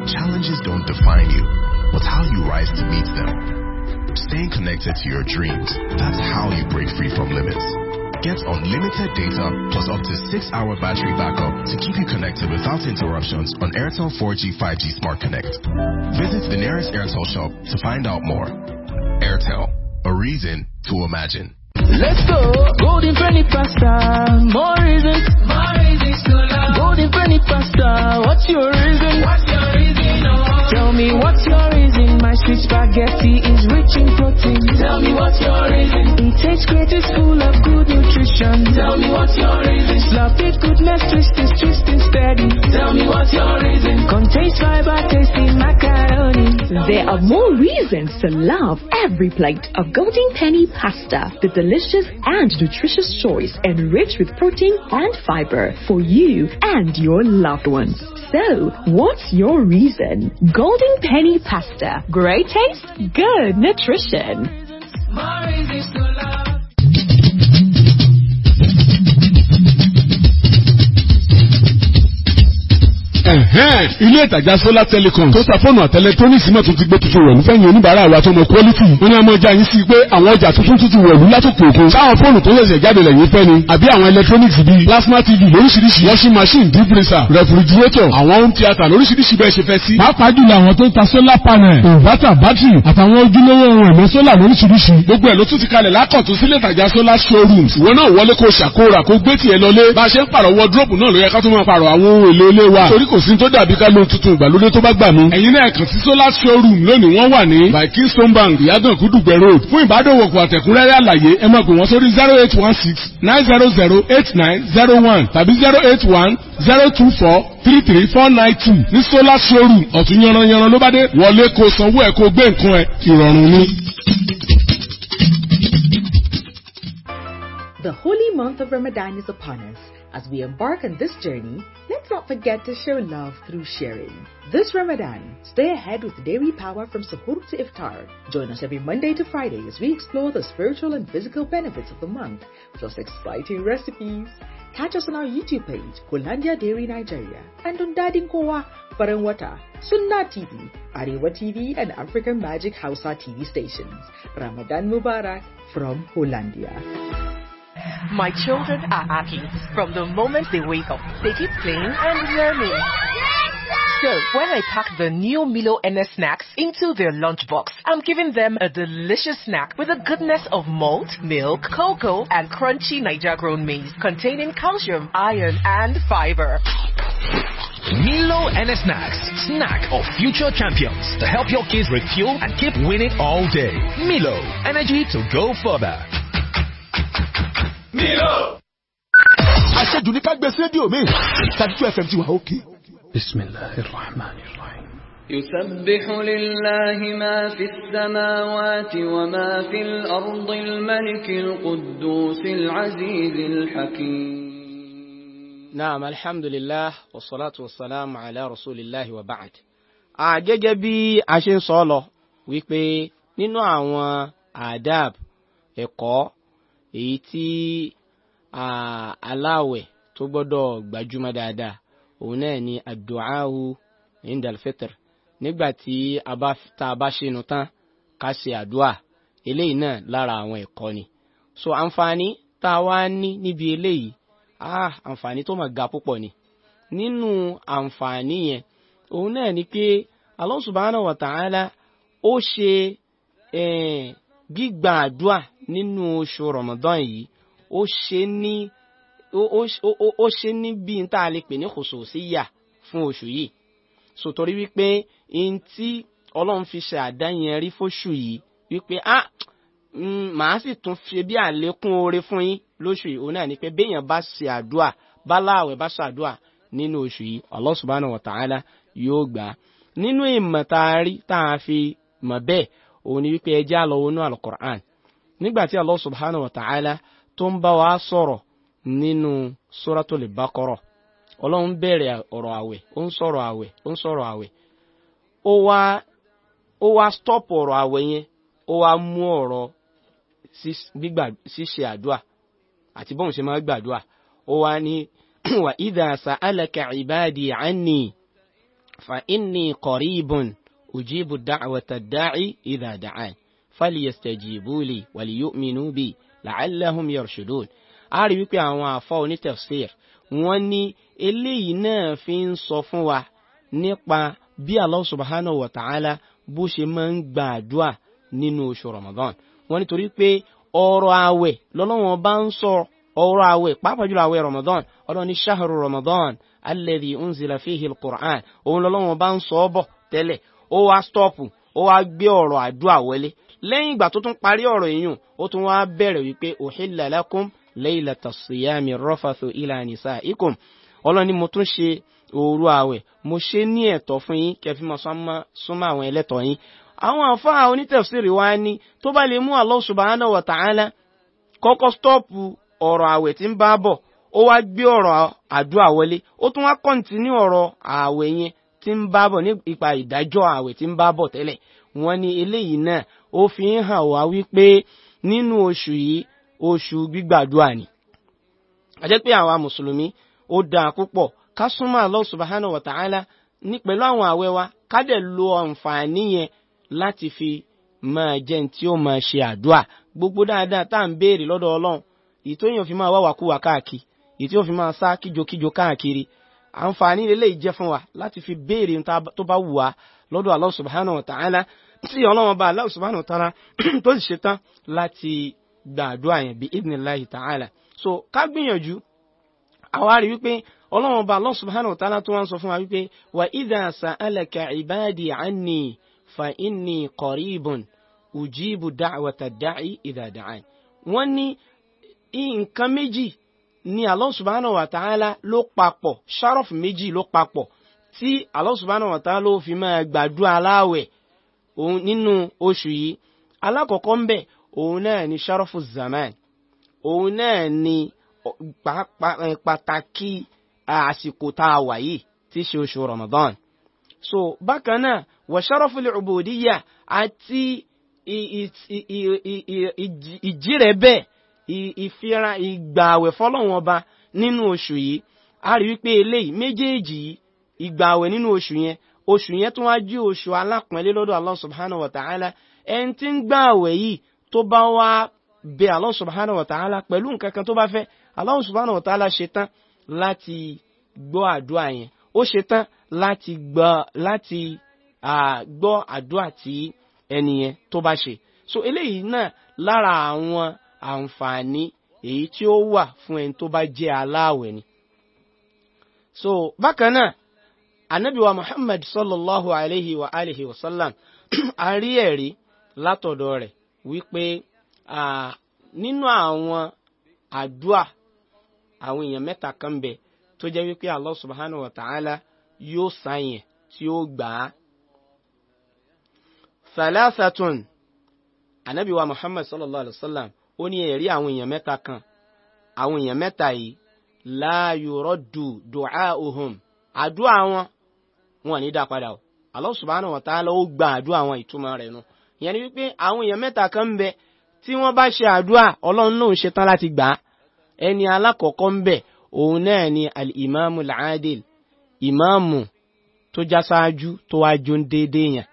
challenges don't define you, but how you rise to meet them. Staying connected to your dreams, that's how you break free from limits. Get unlimited data plus up to 6-hour battery backup to keep you connected without interruptions on Airtel 4G 5G Smart Connect. Visit the nearest Airtel shop to find out more. Airtel, a reason to imagine. Let's go! Golden Penny Pasta, more reasons. More reasons to love. Golden Penny Pasta, what's your reason? What's your Tell me what's your reason? My sweet spaghetti is rich in protein. Tell me what's your reason? It tastes great, it's full of good nutrition. Tell me what's your reason? Slurp it, goodness, twist is twist and steady. Tell me what's your reason? Contains fiber, tasty macaroni. There are more reasons to love every plate of Golden Penny pasta. The delicious and nutritious choice enriched with protein and fiber for you and your loved ones. So, what's your reason? golden penny pasta. Great taste, good nutrition. ilé ìtajà solar telecom tó sàfóònù àtẹlẹtọ́nìsì náà tó ti gbé tuntun wọ̀lú fẹ́yìn oníbàárà wa tó mọ quality wọn ni a mọ jáyín sí pé àwọn ọjà tuntun tuntun wọ̀lú látòkè òkun sáwọn fóònù tó ṣẹ̀ṣẹ̀ jáde lẹ́yìn fẹ́ ni àbí àwọn electronics bíi plasma tv lóríṣiríṣi washing machine deep freezer refrigerator àwọn home theatre lóríṣiríṣi bẹ́ẹ̀ ṣe fẹ́ sí. pàápàá jùlọ àwọn tó ń ta solar panel inverter battery àtàwọn ojúlówó ohun ẹ̀mọ́ solar lóríṣiríṣi. gbogbo ẹ̀ ló tún ti kalẹ̀ lákọ̀tún sílé ìtajà solar showrooms ìwọ náà wọlé kó ṣàkóra kó gbé tiẹ̀ lọlé bá a ṣe ń pàrọ̀ wardrobe náà ló yẹ ká tún máa pàrọ̀ àwọn ohun èlò ilé wa torí kò sí tó dàbí ká lo tuntun ìgbàlódé tó bá gbà mú. ẹ̀yin náà kàn sí solar showroom lónìí wọ́n wà ní by Keystone Bank ìyàgàn kúdùgbẹ́ road fún ìbádòwòpọ̀ àtẹ̀kúnrẹ́rẹ́ àlàyé ẹ máa pè wọ́n sórí zero eight one six nine zero zero eight nine zero one tàbí zero eight one zero two four three three four nine two ní solar showroom ọ̀tún yanranyanran ló bá dé wọlé kó sanwó ẹ̀ kó gbé nǹkan ẹ̀ ìrọ̀rùn ni. The holy month of Ramadan is upon us As we embark on this journey, let's not forget to show love through sharing. This Ramadan, stay ahead with Dairy Power from Sahur to Iftar. Join us every Monday to Friday as we explore the spiritual and physical benefits of the month, plus exciting recipes. Catch us on our YouTube page, Kolandia Dairy Nigeria, and on Dadinkowa, Kowa, Sunna TV, Arewa TV, and African Magic Hausa TV stations. Ramadan Mubarak from Hollandia. My children are happy from the moment they wake up. They keep playing and learning. So when I pack the new Milo NS snacks into their lunchbox, I'm giving them a delicious snack with the goodness of malt, milk, cocoa, and crunchy Niger grown maize containing calcium, iron, and fiber. Milo NS Snacks, snack of future champions to help your kids refuel and keep winning all day. Milo, energy to go further. Milo. àṣejù ní ká gbé rédíò mi tàbí two fm ti wà òkè. bisimilahi rahman rahim. يسبح لله ما في السماوات وما في الأرض الملك القدوس العزيز الحكيم نعم الحمد لله والصلاة والسلام على رسول الله وبعد a gẹ́gẹ́ bí a ṣe ń sọ lọ èyí tí aláwẹ̀ tó gbọ́dọ̀ gbajúmọ̀ dáadáa òun náà ni adu'ahu indal fitr nígbà tí tá a bá ṣinú tán ká ṣe àdúà eléyìí náà lára àwọn ẹ̀kọ́ ni so àǹfààní tá a wá ní níbi eléyìí ah àǹfààní tó mà ga púpọ̀ ni nínú àǹfààní yẹn òun náà ni pé Allah subhanahu wa ta'ala ó ṣe eh, gbígba àdúà nínú oṣù Ramadan yìí ó ṣe ní ó ṣe ní bí n tá a lè pè ní khususiyya fún oṣù yìí sòtòrí wípé n tí ọlọ́run fi ṣe àdáyẹnrí fóṣù yìí wípé a ah, mm, màá sì tún ṣe bí àlékún oore fún yín lóṣù yìí òun náà ni pé béèyàn bá ṣe àdúà báláàwẹ̀ bá ṣàdúà nínú oṣù yìí Allah subhanahu wa ta'ala yóò gbà nínú ìmọ̀ tá a rí tá a fi mọ̀ bẹ́ẹ̀ òun ni wípé ẹjẹ́ àlọ́ wọnú alukur'an nígbà tí Allah subhanahu wa ta'ala tó ń bá wa sọ̀rọ̀ nínú suratul baqara ọlọ́run bẹ̀rẹ̀ ọ̀rọ̀ àwẹ̀ ó ń sọ̀rọ̀ àwẹ̀ ó ń sọ̀rọ̀ àwẹ̀ ó wá ó wá stop ọ̀rọ̀ àwẹ̀ yẹn ó wá mú ọ̀rọ̀ gbígbà ṣíṣe àdúà àti bóun ṣe máa gbàdúà ó wá ní wa ibadi fa inni أجيب الدعوة الداعي إذا دعان فليستجيبوا لي وليؤمنوا بي لعلهم يرشدون a rí wípé àwọn àfọ́ onítẹ̀fsir wọ́n ní eléyìí náà fi ń sọ fún wa nípa bí Allah subhanahu wa ta'ala bó ṣe máa ń gba àdúà nínú oṣù Ramadan wọ́n nítorí pé ọ̀rọ̀ àwẹ̀ lọ́lọ́wọ́n bá ń sọ ọ̀rọ̀ àwẹ̀ pàápàá jùlọ àwẹ̀ Ramadan ọlọ́run ní shahru Ramadan alladhi unzila fihi quran òun lọ́lọ́wọ́n bá ń sọ ọ́ bọ̀ tẹ́lẹ̀ ó wá stọ́ọ̀pù ó wá gbé ọ̀rọ̀ àdúrà wọlé lẹ́yìn ìgbà tó tún parí ọ̀rọ̀ èèyàn ó tún wá bẹ̀rẹ̀ wípé uhilla lakum laylata siyami rafathu ila nisaikum ọlọ́ni mo tún ṣe òru àwẹ̀ mo ṣe ní ẹ̀tọ́ fún yín kẹfí mọ́ súnmọ́ àwọn ẹlẹ́tọ̀ yín àwọn àfáà onítẹ̀síìrì wa ní tó bá lè mú Allah subhanahu wa ta'ala kọ́kọ́ stọ́ọ̀pù ọ̀rọ̀ àwẹ̀ tí ń bá bọ̀ ó wá gbé ọ̀rọ̀ àdúrà wọlé ó tún wá kọ́ntínú ọ̀rọ̀ àwẹ̀ yẹn tí ń bábọ̀ nípa ìdájọ́ ààwẹ̀ tí ń bábọ̀ tẹ́lẹ̀ wọ́n ní eléyìí náà ó fi ń hàn wá wípé nínú oṣù yìí oṣù gbígbàdúrà ni a jẹ́ pé àwa mùsùlùmí ó dáa púpọ̀ ká súnmọ́ Allah subhanahu wa ta'ala ní pẹ̀lú àwọn àwẹ̀ wa ká dẹ̀ lo àǹfààní yẹn láti fi máa jẹ́ tí ó máa ṣe àdúà gbogbo dáadáa tá à ń béèrè lọ́dọ̀ ọlọ́run ìtòyìn òfin máa wá wàkúwà káàkiri ìtòyìn òfin máa sá kíjokíjo káàkiri àǹfààní lè jẹ́ fún wa láti fi béèrè tó bá wù wá lọ́dọ̀ Allah subhanahu wa ta'ala tí ọlọ́wọ́n bá Allah subhanahu tó sì ṣetán láti gbàdúrà yẹn bí idhnillahi ta'ala so ká gbìyànjú àwa rí wípé ọlọ́wọ́n bá Allah subhanahu wa ta'ala tó wọ́n sọ fún wa wípé wa idha sa'alaka ibadi anni fa inni qaribun ni Allah subhanahu wa ta'ala ló papọ̀ sharaf méjì ló papọ̀ tí Allah subhanahu wa ta'ala ló fi máa gbàdúrà aláwẹ̀ nínú oṣù yìí alákọ̀ọ́kọ́ ń òun náà ni sharafu zaman òun náà ni pàtàkì àsìkò tá a wà yìí tí ṣe oṣù Ramadan so bákan náà wà sharafu al-ubudiyya àti ìjírẹ̀bẹ̀ ìfira ìgbààwẹ̀ fọ́lọ́run ọba nínú oṣù yìí a rí wípé eléyìí méjèèjì yìí ìgbààwẹ̀ nínú oṣù yẹn oṣù yẹn tó wá jí oṣù alápọ̀nlé lọ́dọ̀ Allah subhanahu wa ta'ala ẹni tí ń gbààwẹ̀ yìí tó bá wá bẹ Allah subhanahu wa ta'ala pẹ̀lú nǹkan kan tó bá fẹ́ Allah subhanahu wa ta'ala ṣetán láti gbọ́ àdúrà yẹn ó ṣetán láti gbọ́ láti gbọ́ àdúrà tí ẹni yẹn tó bá ṣe so eléyìí náà lára àwọn àǹfààní èyí tí ó wà fún ẹni tó bá jẹ́ aláàwẹ̀ ni. so bákan náà anabiwa muhammad sallallahu alaihi wa alihi wa sallam a rí ẹ̀rí látọ̀dọ̀ rẹ̀ wípé nínú àwọn àdúà àwọn èèyàn mẹ́ta kan bẹ̀ tó jẹ́ wípé allah subhanahu wa ta'ala yóò sàyẹn tí ó gbà á. thalathatun anabiwa muhammad sallallahu alaihi wa sallam ó ní ẹ̀rí àwọn èèyàn mẹ́ta kan àwọn èèyàn mẹ́ta yìí la yuraddu du'a'uhum àdúrà wọn wọn ní dá padà o Allah subhanahu wa ta'ala ó gba àdúrà wọn ìtumọ̀ rẹ̀ nu ìyẹn ni wípé àwọn èèyàn mẹ́ta kan ń bẹ tí wọ́n bá ṣe àdúrà ọlọ́run lòun ṣe tán láti gbà á ẹni alákọ̀ọ́kọ́ ń bẹ òun náà ni al-imamu al-adil ìmáàmù tó já sáájú tó wá jó déédéé yàn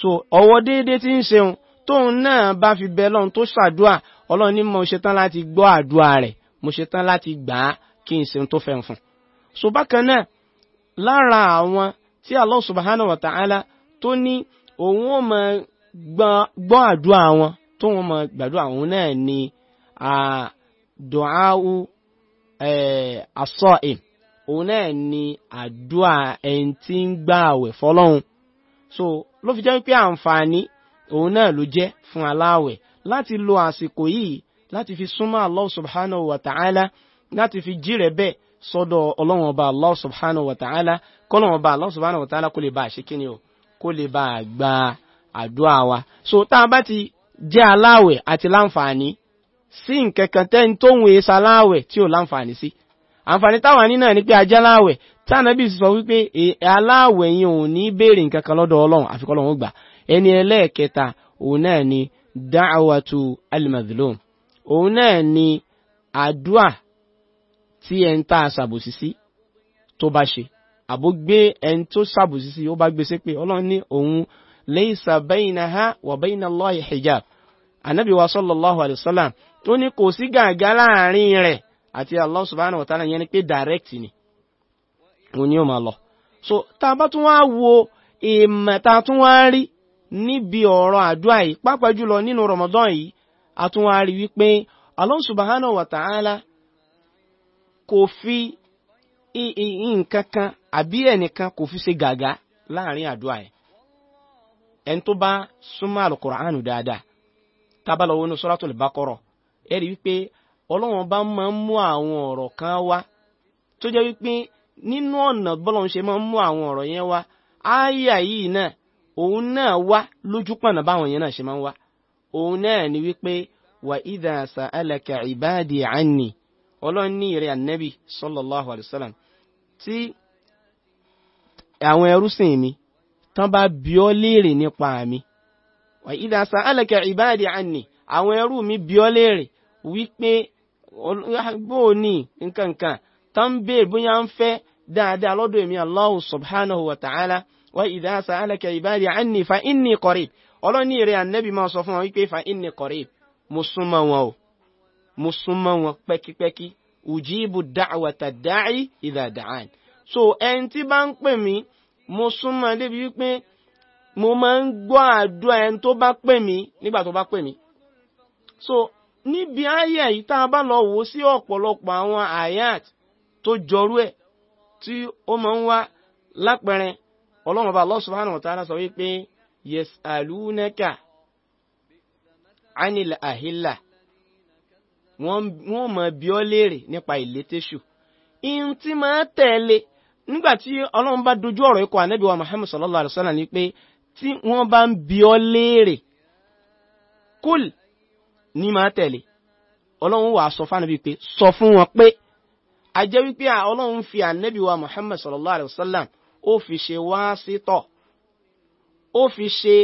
so ọwọ́ déédéé tí ń ṣeun tóun náà bá fi bẹ lọ́run tó ṣàdúrà ọlọ́run ní mo ṣetán láti gbọ́ àdúrà rẹ̀ mo ṣetán láti gbà á kí n ṣe tó fẹ́ràn fún. so náà lára àwọn tí Allah subhanahu wa ta'ala tó ní òun ó mọ gbọ́ àdúrà wọn tó wọn mọ gbàdúrà òun náà ni du'a'u as-sa'im òun náà ni àdúrà ẹni tí ń gbà àwẹ̀ fọlọ́hun so ló fi jẹ́ pé àǹfààní òun náà ló jẹ́ fún aláwẹ̀ láti lo àsìkò yìí láti fi súnmọ́ Allah subhanahu wa ta'ala láti fi jírẹ̀ bẹ́ẹ̀ sọ́dọ̀ ọlọ́wọ́n ọba Allah subhanahu wa ta'ala kọ́lọ́wọ́n ọba Allah subhanahu wa ta'ala kó lè bá a o kó lè bá a àdúrà wa. so tá a bá ti jẹ́ aláwẹ̀ àti láǹfààní sí nkankan tẹ́ni tó ń wèé saláwẹ̀ tí ò láǹfààní sí àǹfààní táwọn àní náà ni pé ajẹ́ aláwẹ̀ tánàbí sọ wípé aláwẹ̀ yìí ò ní béèrè nkankan lọ́dọ̀ ọlọ́run àfikọ́ lọ́wọ́ gbà ẹni ẹlẹ́ẹ̀kẹta òun náà ni dáàwàtú alimadulum òun náà ni àdúà tí ẹn tá a ṣàbòsí sí tó bá ṣe àbó gbé ẹn tó ṣàbòsí sí ó bá gbé sí pé ọlọ́run ní òun laysa baynaha wa bayna Allahi hijab ànábì wa sallallahu alayhi wa sallam ní kò sí gàgá láàrin rẹ̀ àti Allah subhanahu wa ta'ala yẹn ni pé direct ni òun ni ó máa lọ so tá a bá tún wá wo ìmọ̀ tún wá rí níbi ọ̀rọ̀ àdúrà yìí pàápàá jùlọ nínú Ramadan yìí àtúnwà rí wípé Allah subhanahu wa kò fi nǹkan kan àbí ẹnìkan kò fi ṣe gàgá láàrin àdúrà ẹ̀ ẹni tó bá súnmọ́ al-Qur'anu dáadáa tábàlọ́ wọnú lè Baqarah ẹ rí wípé ọlọ́wọ́n bá máa ń mú àwọn ọ̀rọ̀ kan wá tó jẹ́ wípé nínú ọ̀nà bọ́lọ́run ṣe máa ń mú àwọn ọ̀rọ̀ yẹn wá ááyà yìí náà òun náà wá lójú pọ̀nà báwọn yẹn náà ṣe máa ń wá òun náà ni wípé wà ìdá ìbáàdì wa tí àwọn ẹrúsìn mi tán bá bi ọ́ léèrè nípa mi wà ìdá sa'alaka ìbáàdì àwọn ẹrú mi bi ọ́ léèrè wípé bóò ní nkankan tán bèèrè bóyá ń fẹ́ Allahu subhanahu wa ta'ala wa idha sa'alaka ibadi anni fa inni qarib ọlọ́ni rẹ̀ ànẹ́bì máa sọ fún wọn wípé fa inni qarib mo súnmọ́ wọn o mo súnmọ́ wọn pẹ́kípẹ́kí ujibu da'wata da'i idha da'an so ẹni tí bá ń pè mí mo débi wípé mo máa ń gbọ́ àdúrà ẹni tó bá pè mí nígbà tó bá pè mí so níbi ayé yìí tá a bá lọ wò sí ọ̀pọ̀lọpọ̀ àwọn ayat tó jọrú ẹ̀ tí ó máa ń wá lápẹẹrẹ ọlọ́run ọba Allah subhanahu wa ta'ala sọ wípé yas'alunaka anil ahilla wọ́n mọ̀ bí ọ́ léèrè nípa ìlétésù ihun tí máa tẹ̀lé nígbà tí ọlọ́run bá dojú ọ̀rọ̀ ikọ̀ ànábì wa Muhammad sallallahu alaihi wasallam ni pé tí wọ́n bá ń bí ọ́ léèrè kúl ní máa tẹ̀lé ọlọ́run wà sọ fún ànábì pé sọ fún wọn pé a jẹ́ wípé ọlọ́run fi ànábì wa sallallahu alaihi wasallam ó fi ṣe wásítọ̀ ó fi ṣe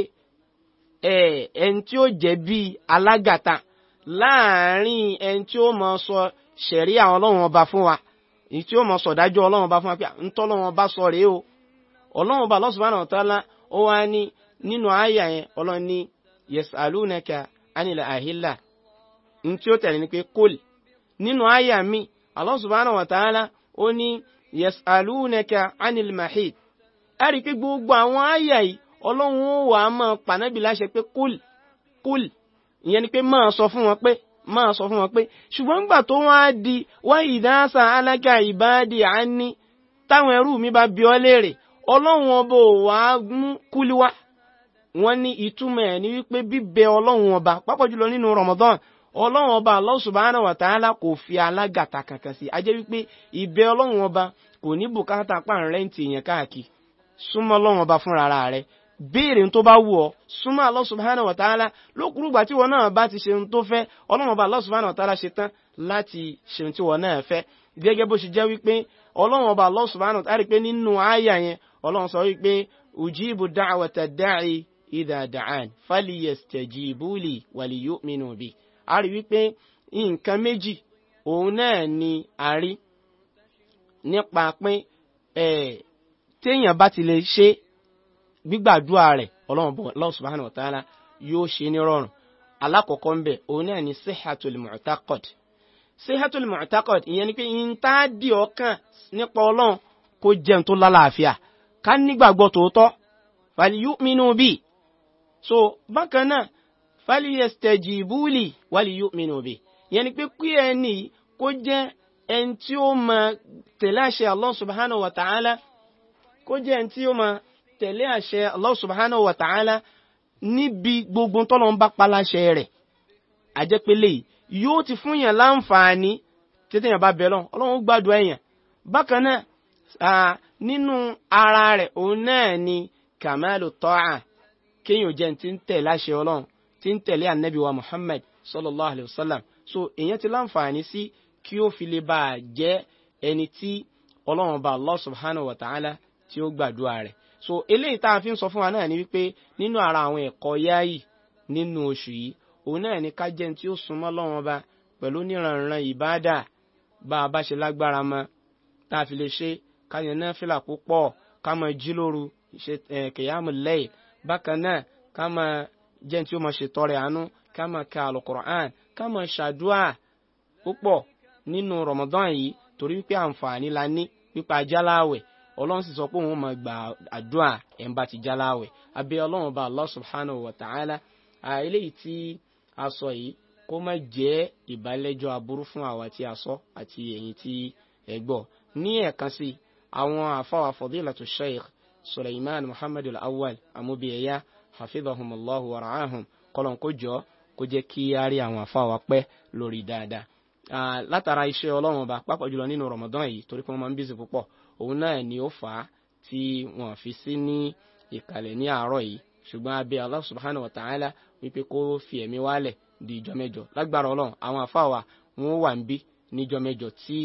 ẹni tí ó jẹ́ bíi alagata láàárín ẹni tí ó mọ sọ ṣẹ̀rí àwọn ọlọ́run ọba fún wa èyí tí ó mọ sọ̀dájọ́ ọlọ́run ọba fún wa pé ọba sọ rèé o ọlọ́run ọba Allah ó wá ní nínú àyà yẹn ọlọ́run ní ó tẹ̀lé ni pé kólì nínú àyà mi yẹsàlúnẹkẹ anilmahid a rí pé gbogbo àwọn àyà yìí ọlọ́run ó wà á máa pànábì láṣẹ pé kúl kúl ìyẹn ni pé máa sọ fún wọn pé máa sọ fún wọn pé ṣùgbọ́n gbà tó wọ́n á di wá ìdáhàsà alága ìbáàdì àání táwọn ẹrú mi bá bi ọ́ léèrè ọlọ́run ọba ò wá mú kúlíwá wọ́n ní ìtumọ̀ ẹ̀ ní wípé bíbẹ ọlọ́run ọba pápọ̀ jùlọ nínú Ramadan ọlọ́run ọba Allah subhanahu wa ta'ala kò fi alágàtà kankan sí ajẹ́ wípé ìbẹ ọlọ́run ọba kò ní bùkátà pàrọ̀ rẹ́ǹtì èèyàn káàkiri súnmọ́ ọlọ́run ọba fúnra ara rẹ̀ béèrè tó bá wù ọ́ súnmọ́ Allah subhanahu wa ta'ala lókùrúgbà tí wọn náà bá ti ṣe tó fẹ́ ọlọ́run ọba Allah subhanahu wa ta'ala ṣe tán láti ṣe tí wọn náà fẹ́ gẹ́gẹ́ bó ṣe jẹ́ wípé ọlọ́run ọba Allah a rí wípé nǹkan méjì òun náà ni a rí nípa pé téèyàn bá ti lè ṣe gbígbàdúrà rẹ̀ ọlọ́run subhanahu wa ta'ala yóò ṣe ní rọrùn alákọ̀ọ́kọ́ ń bẹ̀ òun náà ni sihatul mu'taqad sihatul mu'taqad ìyẹn ni pé yín tá a di ọkàn nípa ọlọ́run kó jẹun tó lálàáfíà ká nígbàgbọ́ tòótọ́ fal yu'minu bi so bákan náà fálíyẹsítẹ̀jìbú lì wálíyúmínú bì pé kí ẹni kó jẹ́ ẹni tí ó ma tẹ̀lé àṣẹ Allah subhanahu wa ta'ala kó jẹ́ ẹni tí ó máa tẹ̀lé àṣẹ Allah subhanahu ta'ala níbi gbogbo ti fún yàn láǹfààní tètè yàn bá bẹ̀ lọ́n gbàdúrà yàn bákan náà nínú ara rẹ̀ òun náà ni kàmáàlù kéèyàn ń láṣẹ tí ń tẹ̀lé ànábì wa Muhammad sallallahu alaihi wasallam. so èèyàn ti láǹfààní sí kí ó fi lè bá a jẹ́ ẹni tí ọlọ́run ọba Allah subhanahu wa ta'ala tí ó gbàdúrà rẹ̀ so eléyìí tá a fi ń sọ fún wa náà ni wípé nínú ara àwọn ẹ̀kọ́ yáàyì nínú oṣù yìí òun náà ni ká jẹun tí ó súnmọ́ lọ́wọ́n ọba pẹ̀lú níranran ìbáàdà bá a bá ṣe lágbára mọ tá a fi lè ṣe ká yẹn náà fìlà púpọ̀ ká máa jí lóru ṣe kìyàmù lẹ́yìn bákan náà ká máa jẹ́ tí ó máa ṣètọrẹ àánú ká máa ka alukur'an ká máa ṣàdúà púpọ̀ nínú rọmọdán yìí torí wípé àǹfààní la ní pípa jáláwẹ̀ ọlọ́run sì sọ pé òun máa gba àdúà ẹ̀ ń bá ti jáláwẹ̀ abẹ́ ọlọ́run bá allah subhanahu wa ta'ala eléyìí tí a sọ yìí kó má jẹ́ ìbálẹ́jọ́ aburú fún àwa tí a sọ àti ẹ̀yin tí ẹ gbọ́ ní ẹ̀ẹ̀kan sí àwọn àfáwà fadilatu sheikh suleiman muhammadu al-awwal amúbíyẹyà hafidhahumullahu Allahu ra'ahum kọlọ̀n kó jọ kó jẹ́ kí á rí àwọn àfa wa pẹ́ lórí dáadáa látara iṣẹ́ ọlọ́run ọba pápá jùlọ nínú rọmọdán yìí torí pé wọ́n máa ń bísí púpọ̀ òun náà ni ó fà á tí wọ́n fi sí ní ìkàlẹ̀ ní àárọ̀ yìí ṣùgbọ́n a bẹ̀ Allah subhanahu wa ta'ala wípé kó fi ẹ̀mí wálẹ̀ di ìjọ mẹ́jọ lágbára ọlọ́run àwọn àfa wa wọ́n wà ń bí níjọ mẹ́jọ tí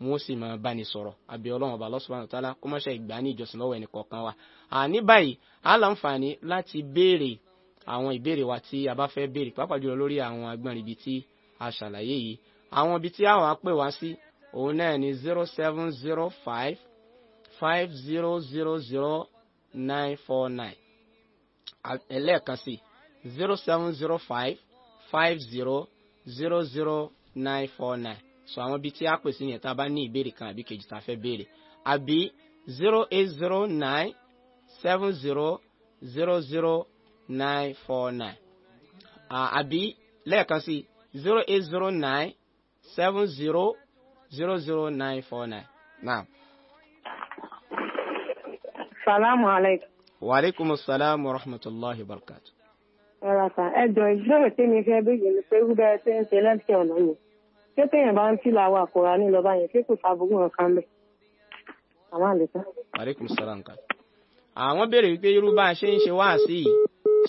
wọn ó sì máa bá ní sọ̀rọ̀ àbí ọlọ́run ọba Allah subhanahu wa ta'ala kó má ṣe ìgbà ní ìjọsìn lọ́wọ́ ẹnì kọ̀ọ̀kan wa. àní báyìí a láǹfààní láti béèrè àwọn ìbéèrè wa tí a bá fẹ́ béèrè pàápàá jùlọ lórí àwọn agbọ́nrin ibi tí a ṣàlàyé yìí àwọn ibi tí àwọn apè wá sí òun náà ni zero seven zero five five zero zero zero nine four nine ẹlẹ́ẹ̀kan sí zero seven zero five five zero zero zero nine four nine so àwọn bíi tí a pèsè yẹn tá a bá ní ìbéèrè kan àbí kejì tá a fẹ́ béèrè àbí zero eight zero nine seven zero zero zero nine four nine àbí lẹ́ẹ̀kan sí zero eight zero nine seven zero zero zero nine four nine salaamu aleykum. wa salaam wa rahmatulahi wa barakatu. ẹ jọ ìbéèrè tí mi fẹ́ bí yìí ni pé wúdà ẹ ti ń ṣe lẹ́sẹ̀ ọ̀nà yìí ṣé téèyàn bá ń kílà wa kóra ní lọ́ba yẹn ṣé kò sábòrò nǹkan bẹ́ẹ̀. àwọn àlejò. aleykum salaam kan. àwọn béèrè wípé irú bá a ṣe ń ṣe wá sí i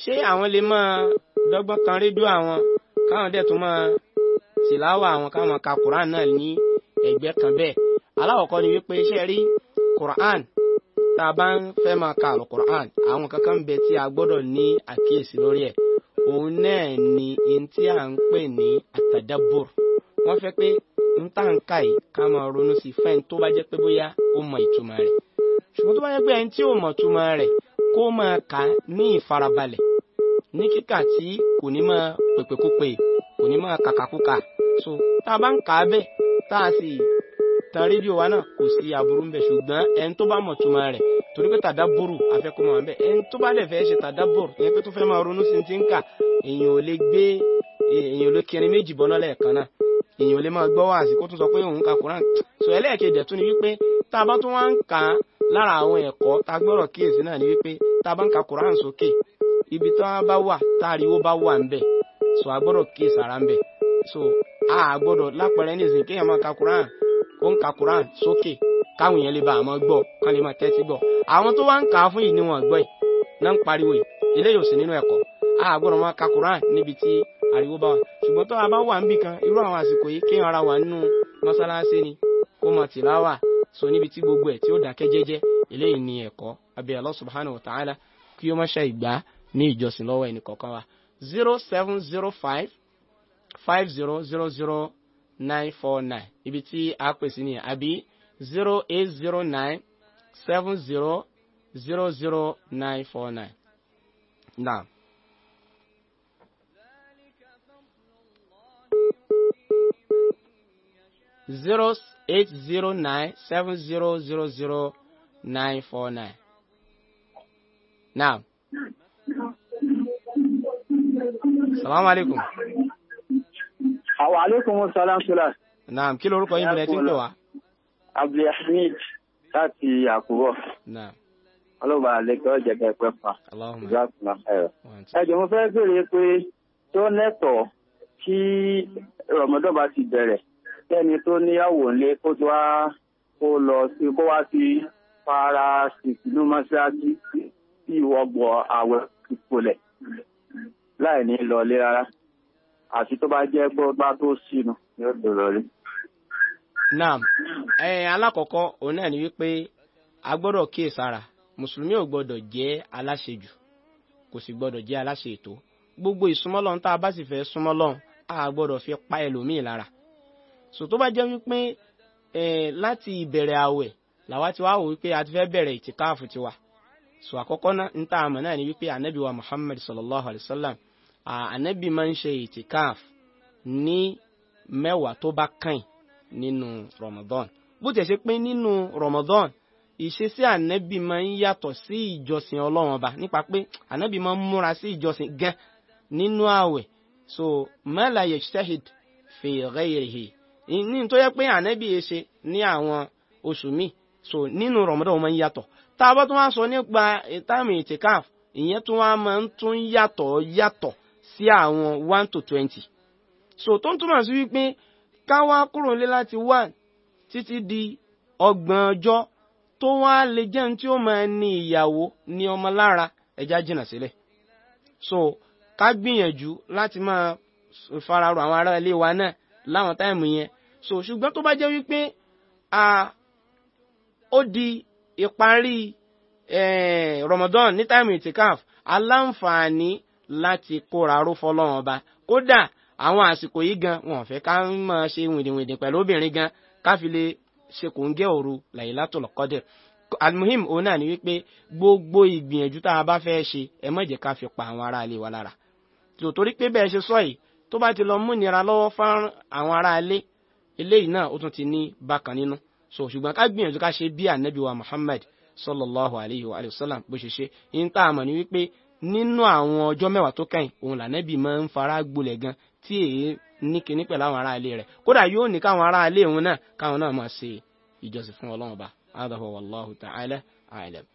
ṣé àwọn lè máa dọ́gbọ́n kan rédíò àwọn káwọn dẹ̀ tún máa tìláwà àwọn káwọn ka quran náà ní ẹ̀gbẹ́ kan bẹ́ẹ̀ aláwọ̀kọ́ ni wípé ṣe rí quran tá a bá ń fẹ́ máa ka àrò quran àwọn kankan ń bẹ tí a gbọ́dọ̀ ní àkíyèsí lórí ẹ̀ òun náà ni ohun à ń pè ní àtàdábùr wọ́n fẹ́ pé n tá n ká yìí ká máa ronú sí fẹ́ni tó bá jẹ́ pé bóyá ó mọ ìtumọ̀ rẹ̀ ṣùgbọ́n tó bá jẹ́ pé ẹni tí ò mọ ìtumọ̀ rẹ̀ kó máa kà á ní ìfarabalẹ̀ ní kíkà tí kò ní máa pèpèkúpè kò ní máa kàkàkúkà so tá a bá ń kà á bẹ́ẹ̀ tá a sì tan rédíò wa na kò sí aburú ń bẹ ṣùgbọ́n ẹni tó bá mọ̀ túmọ̀ rẹ̀ torí pé tàdá bòrò afẹ́kọ́ mọ̀ bẹ́ẹ̀ ẹni tó bá dẹ̀ fẹ́ ṣe tàdá bòrò ìyẹn pé tó fẹ́ máa ronú sí ti ń kà èèyàn ò lè gbé èèyàn ò lè kẹrin méjì bọ́ná lẹ́ẹ̀kan náà èèyàn ò lè máa gbọ́ wáàsí kó tún sọ pé òun ka Quran sọ ẹlẹ́ẹ̀kejì tún ni wípé tá a bá tún wá ń kà á lára àwọn ẹ̀kọ́ tá a gbọ́rọ̀ kíyèsí náà ni wípé tá a bá ń ka Quran sókè ibi tó bá wà táriwo bá wà ń bẹ̀ sọ a gbọ́dọ̀ kíyèsí ń bẹ̀ so a gbọ́dọ̀ lápẹẹrẹ ní ìsìn kéèyàn máa ka Quran kó ń ka Quran sókè káwọn èèyàn lè bá àmọ́ gbọ́ kán lè máa tẹ́tí gbọ́ àwọn tó wá ń kà á fún yìí ni gbọ́ yìí náà ń pariwo yìí eléyìí ò sí nínú ẹ̀kọ́ a gbọ́dọ̀ máa ka Quran níbi tí ariwo bá wà ṣùgbọ́n tó a bá wà níbì kan irú àwọn àsìkò yìí kí ara wà nínú mọ́sálásí ni kó mọ̀ wà so níbi tí gbogbo ẹ̀ tí ó dákẹ́ jẹ́jẹ́ eléyìí ni ẹ̀kọ́ kí ó nine four nine ibi tí a ni. zero zero zero nine four nine. Now. zero eight zero nine seven zero zero zero nine four nine. Now. Salaam alaikum. àwọn aleykum salam sula. naam kí lorúkọ yín bẹ̀rẹ̀ tí ń pè wá. abdulhamid láti àkúrọ̀. naam. ọlọ́ba àlekọ́ jẹ̀gẹ́ pẹ́pà. ìgbàkùnà ẹ̀rọ. ẹ̀jọ̀ mo fẹ́ béèrè pé tó lẹ́tọ̀ọ́ kí rọ̀mọ́dọ́ bá ti bẹ̀rẹ̀ kẹ́ni tó níyàwó ńlé kó tó wá kó lọ sí kó wá sí para sìkìlú mọ́ṣáláṣí sí ìwọ̀gbọ̀ àwẹ̀ ìpolẹ̀ láì ní lọlé rárá. àti tó bá jẹ́ gbọ́gbá tó sínú yóò dọ̀rọ̀ rí. naam ẹ alákọ̀ọ́kọ́ òun náà ni wípé a gbọ́dọ̀ kíyè sára mùsùlùmí ò ju jẹ́ aláṣejù kò sì gbọ́dọ̀ jẹ́ aláṣe ètò gbogbo ìsúmọ́lọ́n tá a bá sì a gbọdọ fi pa ẹlòmíì lára sò tó bá jẹ́ wípé láti ìbẹ̀rẹ̀ àwẹ̀ làwa ti wá wò wípé a ti ìtìkáàfù tiwa sò àkọ́kọ́ náà ń náà ni wa sallallahu alayhi wa ànábì máa ń ṣe ìtìkáf ní mẹ́wàá tó bá kàn nínú Ramadan bó tiẹ̀ ṣe pé nínú Ramadan ìṣesí ànábì máa ń yàtọ̀ sí ìjọsìn ọlọ́run ọba nípa pé ànábì máa ń múra sí ìjọsìn gan nínú ààwẹ̀ so mala yajtahid fi ghayrihi ní tó yẹ pé ànábì yẹn ṣe ní àwọn oṣù míì so nínú Ramadan máa ń yàtọ̀ tá a bá tún wá sọ nípa táàmù ìtìkáf ìyẹn tún wá máa ń tún yàtọ̀ yàtọ̀ sí àwọn one to twenty so tó ń túmọ̀ sí wípé ká wá kúrò nílé láti one títí di ọgbọ̀n ọjọ́ tó wá lè jẹun tí ó máa ní ìyàwó ní ọmọ lára ẹja jìnnà sílẹ̀ so ká gbìyànjú láti máa fararọ àwọn ará ilé wa náà láwọn táìmù yẹn so ṣùgbọ́n tó bá jẹ́ wípé a ó di ìparí Ramadan ní táìmù ìtìkáf aláǹfààní láti kóra ró fọlọ́run ọba kódà àwọn àsìkò yìí gan wọn fẹ́ ká máa ṣe wìndìnwìndìn pẹ̀lú obìnrin gan ká fi lè ṣe kò ń gẹ́ òru Laylatul Qadr almuhim òun náà ni wípé gbogbo ìgbìyànjú tá a bá fẹ́ ṣe ẹ má jẹ́ ká fi pa àwọn ará ilé wa lára tòtórí pé bẹ́ẹ̀ ṣe sọ yìí tó bá ti lọ mú lọ́wọ́ fún àwọn ará ilé eléyìí náà ó tún ti ní bákan nínú so ṣùgbọ́n ká gbìyànjú ká ṣe bí ànábì wa Muhammad sallallahu alayhi wa sallam bó ṣe ṣe yín tá a mọ̀ ní wípé nínú àwọn ọjọ́ mẹ́wàá tó kẹ́yìn òun lànẹ́bì máa ń fara gbolẹ̀ gan tí èyí ní kinní pẹ̀lú àwọn ará ilé rẹ̀ kódà yóò ní káwọn ará ilé òun náà káwọn náà máa ṣe ìjọsìn fún ọlọ́run ọba adahu wallahu ta'ala a'lam.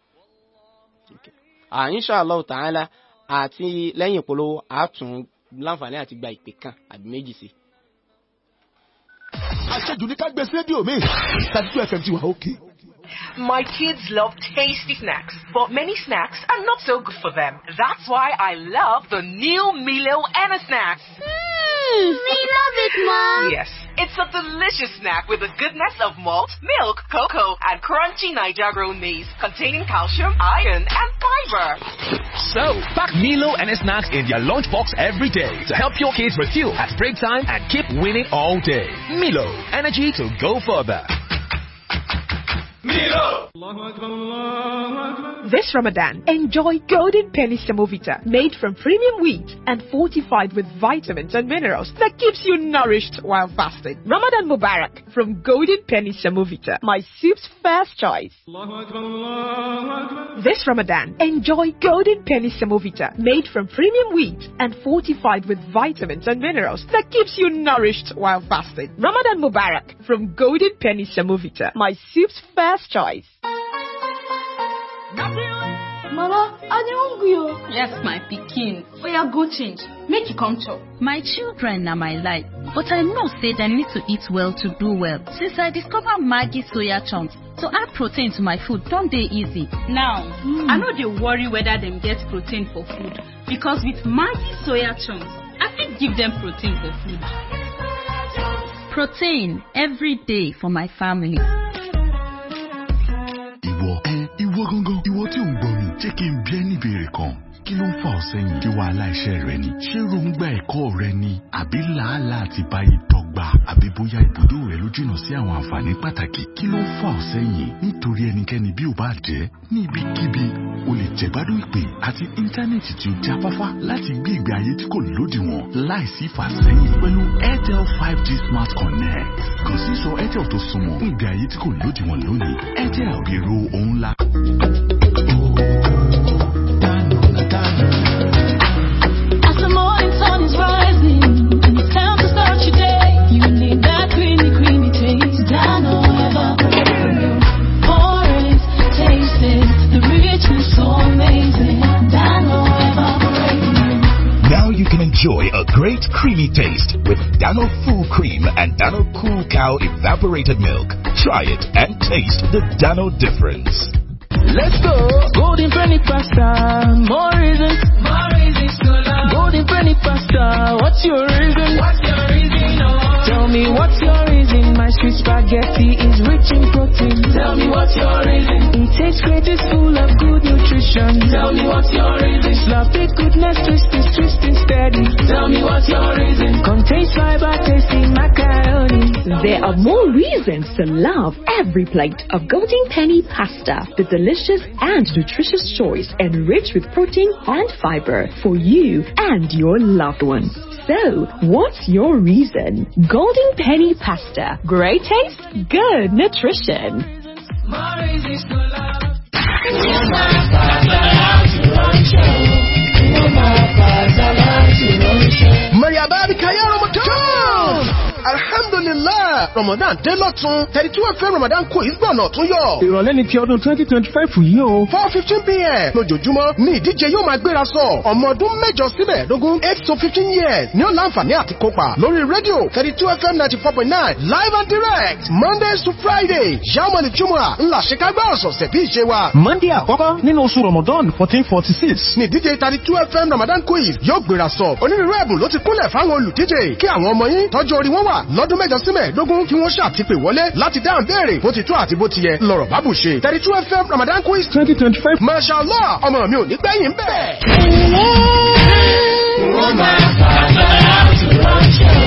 insha Allah ta'ala àti lẹ́yìn ìpolówó àtún láǹfààní àti gba ìpè kan àbí méjì sí i àṣejù ká gbé rédíò mi ìtàdíjú fm ti wà òkè My kids love tasty snacks, but many snacks are not so good for them. That's why I love the new Milo Anna snacks. Hmm, we love it, Mom. yes. It's a delicious snack with the goodness of malt, milk, cocoa, and crunchy Niger grown maize containing calcium, iron, and fiber. So, pack Milo and his snacks in your lunchbox every day to help your kids refuel at break time and keep winning all day. Milo, energy to go further up. This Ramadan, enjoy golden penny semovita made from premium wheat and fortified with vitamins and minerals that keeps you nourished while fasting. Ramadan Mubarak from golden penny semovita, my soup's first choice. This Ramadan, enjoy golden penny semovita made from premium wheat and fortified with vitamins and minerals that keeps you nourished while fasting. Ramadan Mubarak from golden penny semovita, my soup's first choice. Mama, are you hungry. Yes, my Pekin. Oh, yeah, go change. Make you come chop. My children are my life, but I know say I need to eat well to do well. Since I discovered Maggie soya chunks, to add protein to my food Don't they easy. now mm. i know they worry whether them get protein for food because with Maggie soya chunks i can give them protein for food. protein every day for my family. gangan ìwọ tí ò ń gbọ́ mi jẹ́ kí n bi ẹ́ ní ìbéèrè kan kí ló ń fà ọ́ sẹ́yìn tí wàhálà iṣẹ́ rẹ ni ṣé ròǹgbà ẹ̀kọ́ rẹ ni àbí làálàá àti báyìí dọ́gba àbí bóyá ibùdó rẹ ló jìnnà sí àwọn àǹfààní pàtàkì kí ló ń fà ọ́ sẹ́yìn nítorí ẹnikẹ́ni bí ò bá jẹ́ ní ibikíbi o lè jẹ̀gbádùn ìpè àti íńtánẹ́ẹ̀tì tí ó jáfáfá láti gbé ìgbé ayé tí kò lódiwọ̀n láìsí ìfàsẹ́yìn pẹ̀lú Airtel 5G Smart Connect kàn sí sọ Airtel tó súnmọ́ fún ìgbé ayé tí kò lódiwọ̀n lónìí Airtel bí ro òun la. Dano Full Cream and Dano Cool Cow Evaporated Milk. Try it and taste the Dano difference. Let's go! Golden penny pasta, more reasons. More reasons to love. Golden penny pasta, what's your reason? What's your me what's your reason. My street spaghetti is rich in protein. Tell me what's your reason. It tastes great, it's full of good nutrition. Tell me what's your reason. Sloppy goodness, is twisted steady. Tell me what's your reason. Contains fiber, tasty macaroni. There are more reasons to love every plate of Golden Penny pasta. The delicious and nutritious choice enriched with protein and fiber for you and your loved ones. So, what's your reason? Golden Penny Pasta. Great taste, good nutrition. Maria alhamdulillah ramadan dé lọ́tún thirty two fm ramadan kò ìgbọ̀nà tún yọ. ìrọ̀lẹ́ ni ti ọdún twenty twenty five yìí o. four fifteen pm lójoojúmọ́ ni ìdíje yóò máa gbéra sọ ọmọ ọdún mẹ́jọ síbẹ̀ dógún eight to fifteen years ni ó láǹfààní àti kópa lórí rédíò thirty two fm ninety four point nine live and direct mondays to friday yàmọ̀ ní jùmọ̀ ńlá ṣèkágbá ọ̀sọ̀ọ̀sẹ̀ bí ìṣe wa. monday àkọ́kọ́ nínú oṣù ramadan fourteen forty six ni ìdíje thirty two fm ramadan quiz yóò gbéra sọ onírúurú ẹ̀bùn ló ti kúnlẹ̀ fáwọn olùdíje kí àwọn ọmọ yín tọ́jú orí wọn wà wà lọ́dún mẹ́jọ sí mẹ́ẹ̀ẹ́dógún kí wọ́n ṣàtìpè wọlé láti dáhùn béèrè bó ti tó àti bó ti yẹ lọ́rọ̀ bá bù ṣe. thirty two fm ramadan quiz twenty twenty five mashallah ọmọ mi ò ní gbẹ̀yìn bẹ́ẹ̀. wọ́n máa bàbá àtúrọ̀ṣẹ́.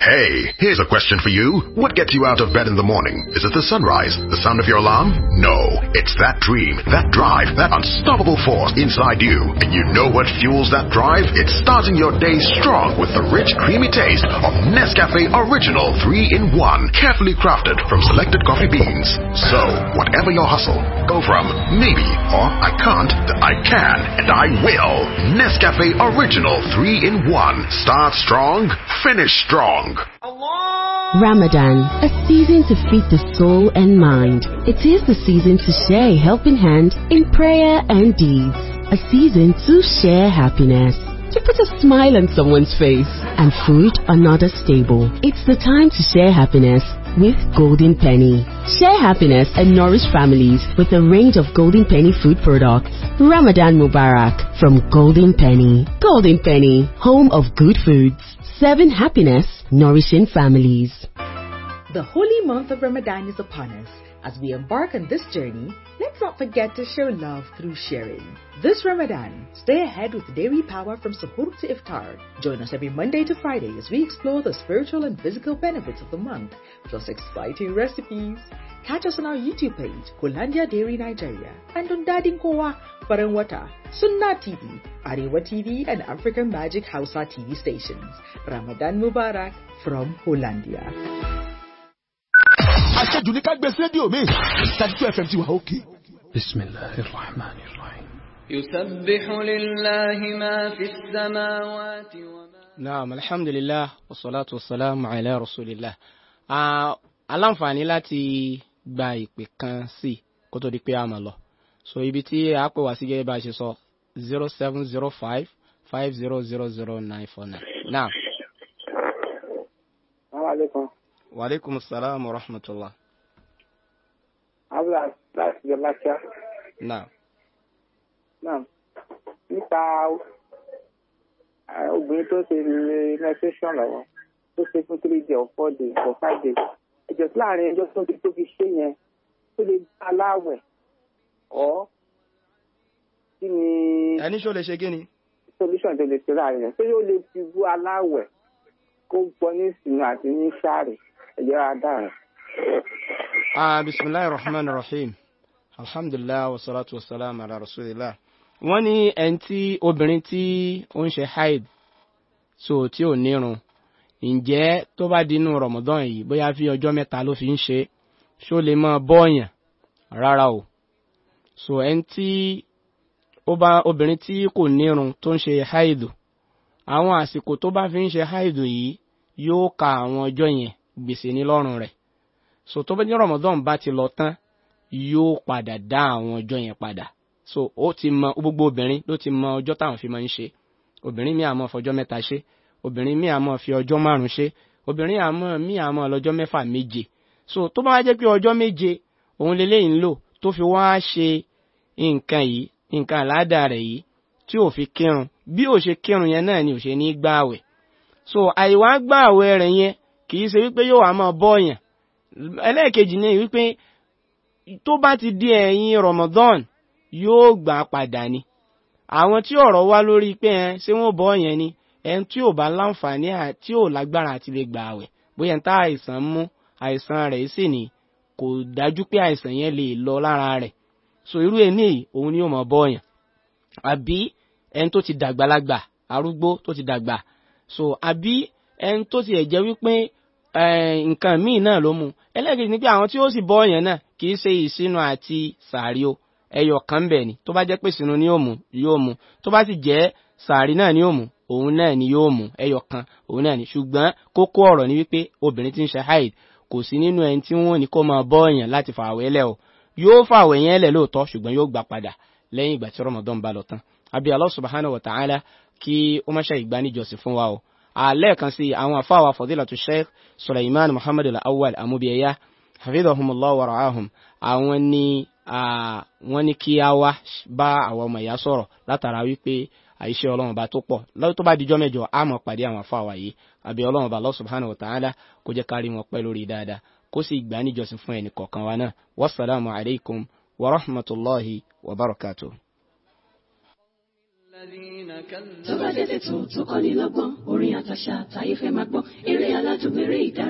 Hey, here's a question for you. What gets you out of bed in the morning? Is it the sunrise? The sound of your alarm? No. It's that dream, that drive, that unstoppable force inside you. And you know what fuels that drive? It's starting your day strong with the rich, creamy taste of Nescafe Original 3-in-1, carefully crafted from selected coffee beans. So, whatever your hustle, go from maybe or I can't to I can and I will. Nescafe Original 3-in-1. Start strong, finish strong. Ramadan, a season to feed the soul and mind. It is the season to share a helping hand in prayer and deeds, a season to share happiness. To put a smile on someone's face and food another stable. It's the time to share happiness with Golden Penny. Share happiness and nourish families with a range of Golden Penny food products. Ramadan Mubarak from Golden Penny. Golden Penny, home of good foods. Serving Happiness Nourishing Families. The holy month of Ramadan is upon us. As we embark on this journey, let's not forget to show love through sharing. This Ramadan, stay ahead with Dairy Power from Suhoor to Iftar. Join us every Monday to Friday as we explore the spiritual and physical benefits of the month, plus exciting recipes. Catch us on our YouTube page, Kolanda Dairy Nigeria, and on Dadinkowa farin wata, Sunna TV, Arewa TV and African Magic Hausa TV stations. Ramadan Mubarak from Hollandia. ká mi, wà ma fi wa Naam, alhamdulillah, wa salatu salamu ala rasulillah. Ah, Aláǹfààní láti gba ìpè kan sí kó tó di pé a lọ. so ibi tí a pè wá sí gẹ́gẹ́ bá a ṣe sọ zero seven zero five five zero zero zero nine four nine now. salaamaleykum. waaleykum salaam wa rahmatulah. abdulai láti jẹ láṣà. now. now nípa eh, obìnrin tó ṣe menstruation lọ́wọ́ tó ṣe fún three days or four days or five days ẹ̀jẹ̀ láàrin ẹjọ́ tó ti tóbi ṣé yẹn tó lè bá aláwẹ̀ ọ́ kí ni. ẹni ṣó lè ṣe kí ni. solution tó lè ṣe láàrin rẹ̀ ṣé yóò lè fi bú aláwẹ̀ kó gbọ́ ní ìsinmi àti ní sáré ẹ̀jẹ̀ wa dáhùn. bisimilahi rahman rahim alhamdulilah wasalaatu wasalaam ala rasulillah wọ́n ní ẹni tí obìnrin tí ó ń ṣe haid so tí ò nírun ǹjẹ́ tó bá di inú rọ̀mọ́dán yìí bóyá fi ọjọ́ mẹ́ta ló fi ń ṣe ṣó lè máa bọ́ọ̀yàn rárá o so ẹni tí ó bá obìnrin tí kò nírun tó ń ṣe haidu àwọn àsìkò tó bá fi ń ṣe haidu yìí yóò ka àwọn ọjọ́ yẹn gbèsè ní lọ́rùn so tó bá ní Ramadan bá ti lọ tán yóò padà dá àwọn ọjọ́ yẹn padà so ó ti mọ gbogbo obìnrin ló ti mọ ọjọ́ táwọn fi máa ń ṣe obìnrin míì àmọ́ fọjọ́ mẹ́ta ṣe obìnrin míì àmọ́ fi ọjọ́ márùn ṣe obìnrin àmọ́ míì àmọ́ lọ́jọ́ mẹ́fà méje so tó bá wá jẹ́ pé ọjọ́ méje òun leléyìí ń lò tó fi wá ṣe nǹkan yìí nǹkan àládà rẹ̀ yìí tí ò fi kírun bí ò ṣe kírun yẹn náà ni ò ṣe ní gbààwẹ̀ so àìwá gbààwẹ̀ rẹ̀ yẹn kì í ṣe wípé yóò wá máa bọ́ọ̀yàn ẹlẹ́ẹ̀kejì ni wípé tó bá ti di ẹ̀yìn Ramadan yóò gbà padà ni àwọn tí ọ̀rọ̀ wá lórí pé ẹ ṣé wọ́n bọ́ọ̀yàn ni ẹni tí ò bá láǹfààní àti ò lágbára àti lè gbààwẹ̀ bóyá ń tá àìsàn mú àìsàn rẹ̀ sì ni kò dájú pé àìsàn yẹn lè lọ lára rẹ̀ so irú ẹni yìí òun ni yóò mọ bọ́ọ̀yàn àbí ẹni tó ti dàgbàlagbà arúgbó tó ti dàgbà so àbí ẹni tó ti ẹ̀jẹ̀ wípé nǹkan míì náà ló mú ẹlẹ́ẹ̀kejì ni pé àwọn tí ó sì bọ́ọ̀yàn náà kì í ṣe ìsinu àti sàárì o ẹyọ kan bẹ̀ ni tó bá jẹ́ pé ìsinu ni yóò mú yóò mú tó bá sì jẹ́ sàárì náà ni yóò mú òun náà ni yóò mú ẹyọ kan òun náà ni ṣùgbọ́n kókó ọ̀rọ̀ ni wípé obìnrin tí ń ṣe haid kò sí nínú ẹni tí wọ́n ní kó máa bọ́ọ̀yàn láti fàwẹ́lẹ̀ o yóò fà àwẹ̀ yẹn lẹ̀ lóòótọ́ ṣùgbọ́n yóò gbà padà lẹ́yìn ìgbà tí Ramadan bá lọ tán àbí Allah subhanahu wa ta'ala kí ó má ìgbaníjọsìn fún wa o àlẹ́ẹ̀kan sí àwọn àfáwà fadilatu Sheikh Sulaiman Muhammad al-Awwal amúbíyẹyà hafidhahumullah wa ra'ahum àwọn ni wọ́n ní kí a wá bá àwọn ọmọ ìyá sọ̀rọ̀ látara wípé àìṣe ọlọ́run ọba tó pọ̀ lọ́wọ́ tó bá dijọ́ mẹ́jọ á mọ̀ pàdé àwọn afáwà yìí àbí ọlọ́run ọba Allah subhanahu wa ta'ala kó jẹ́ kárí wọn pẹ́ lórí dáadáa kó sì gbà níjọsìn fún ẹnì kọ̀ọ̀kan wa náà wasalaamu alaykum wa rahmatulahi wa barakatu. tó bá dé tètò tó kọ́ni lọ́gbọ́n orin àtàṣà àtàyè fẹ́ máa gbọ́ eré aládùn eré ìdárayá.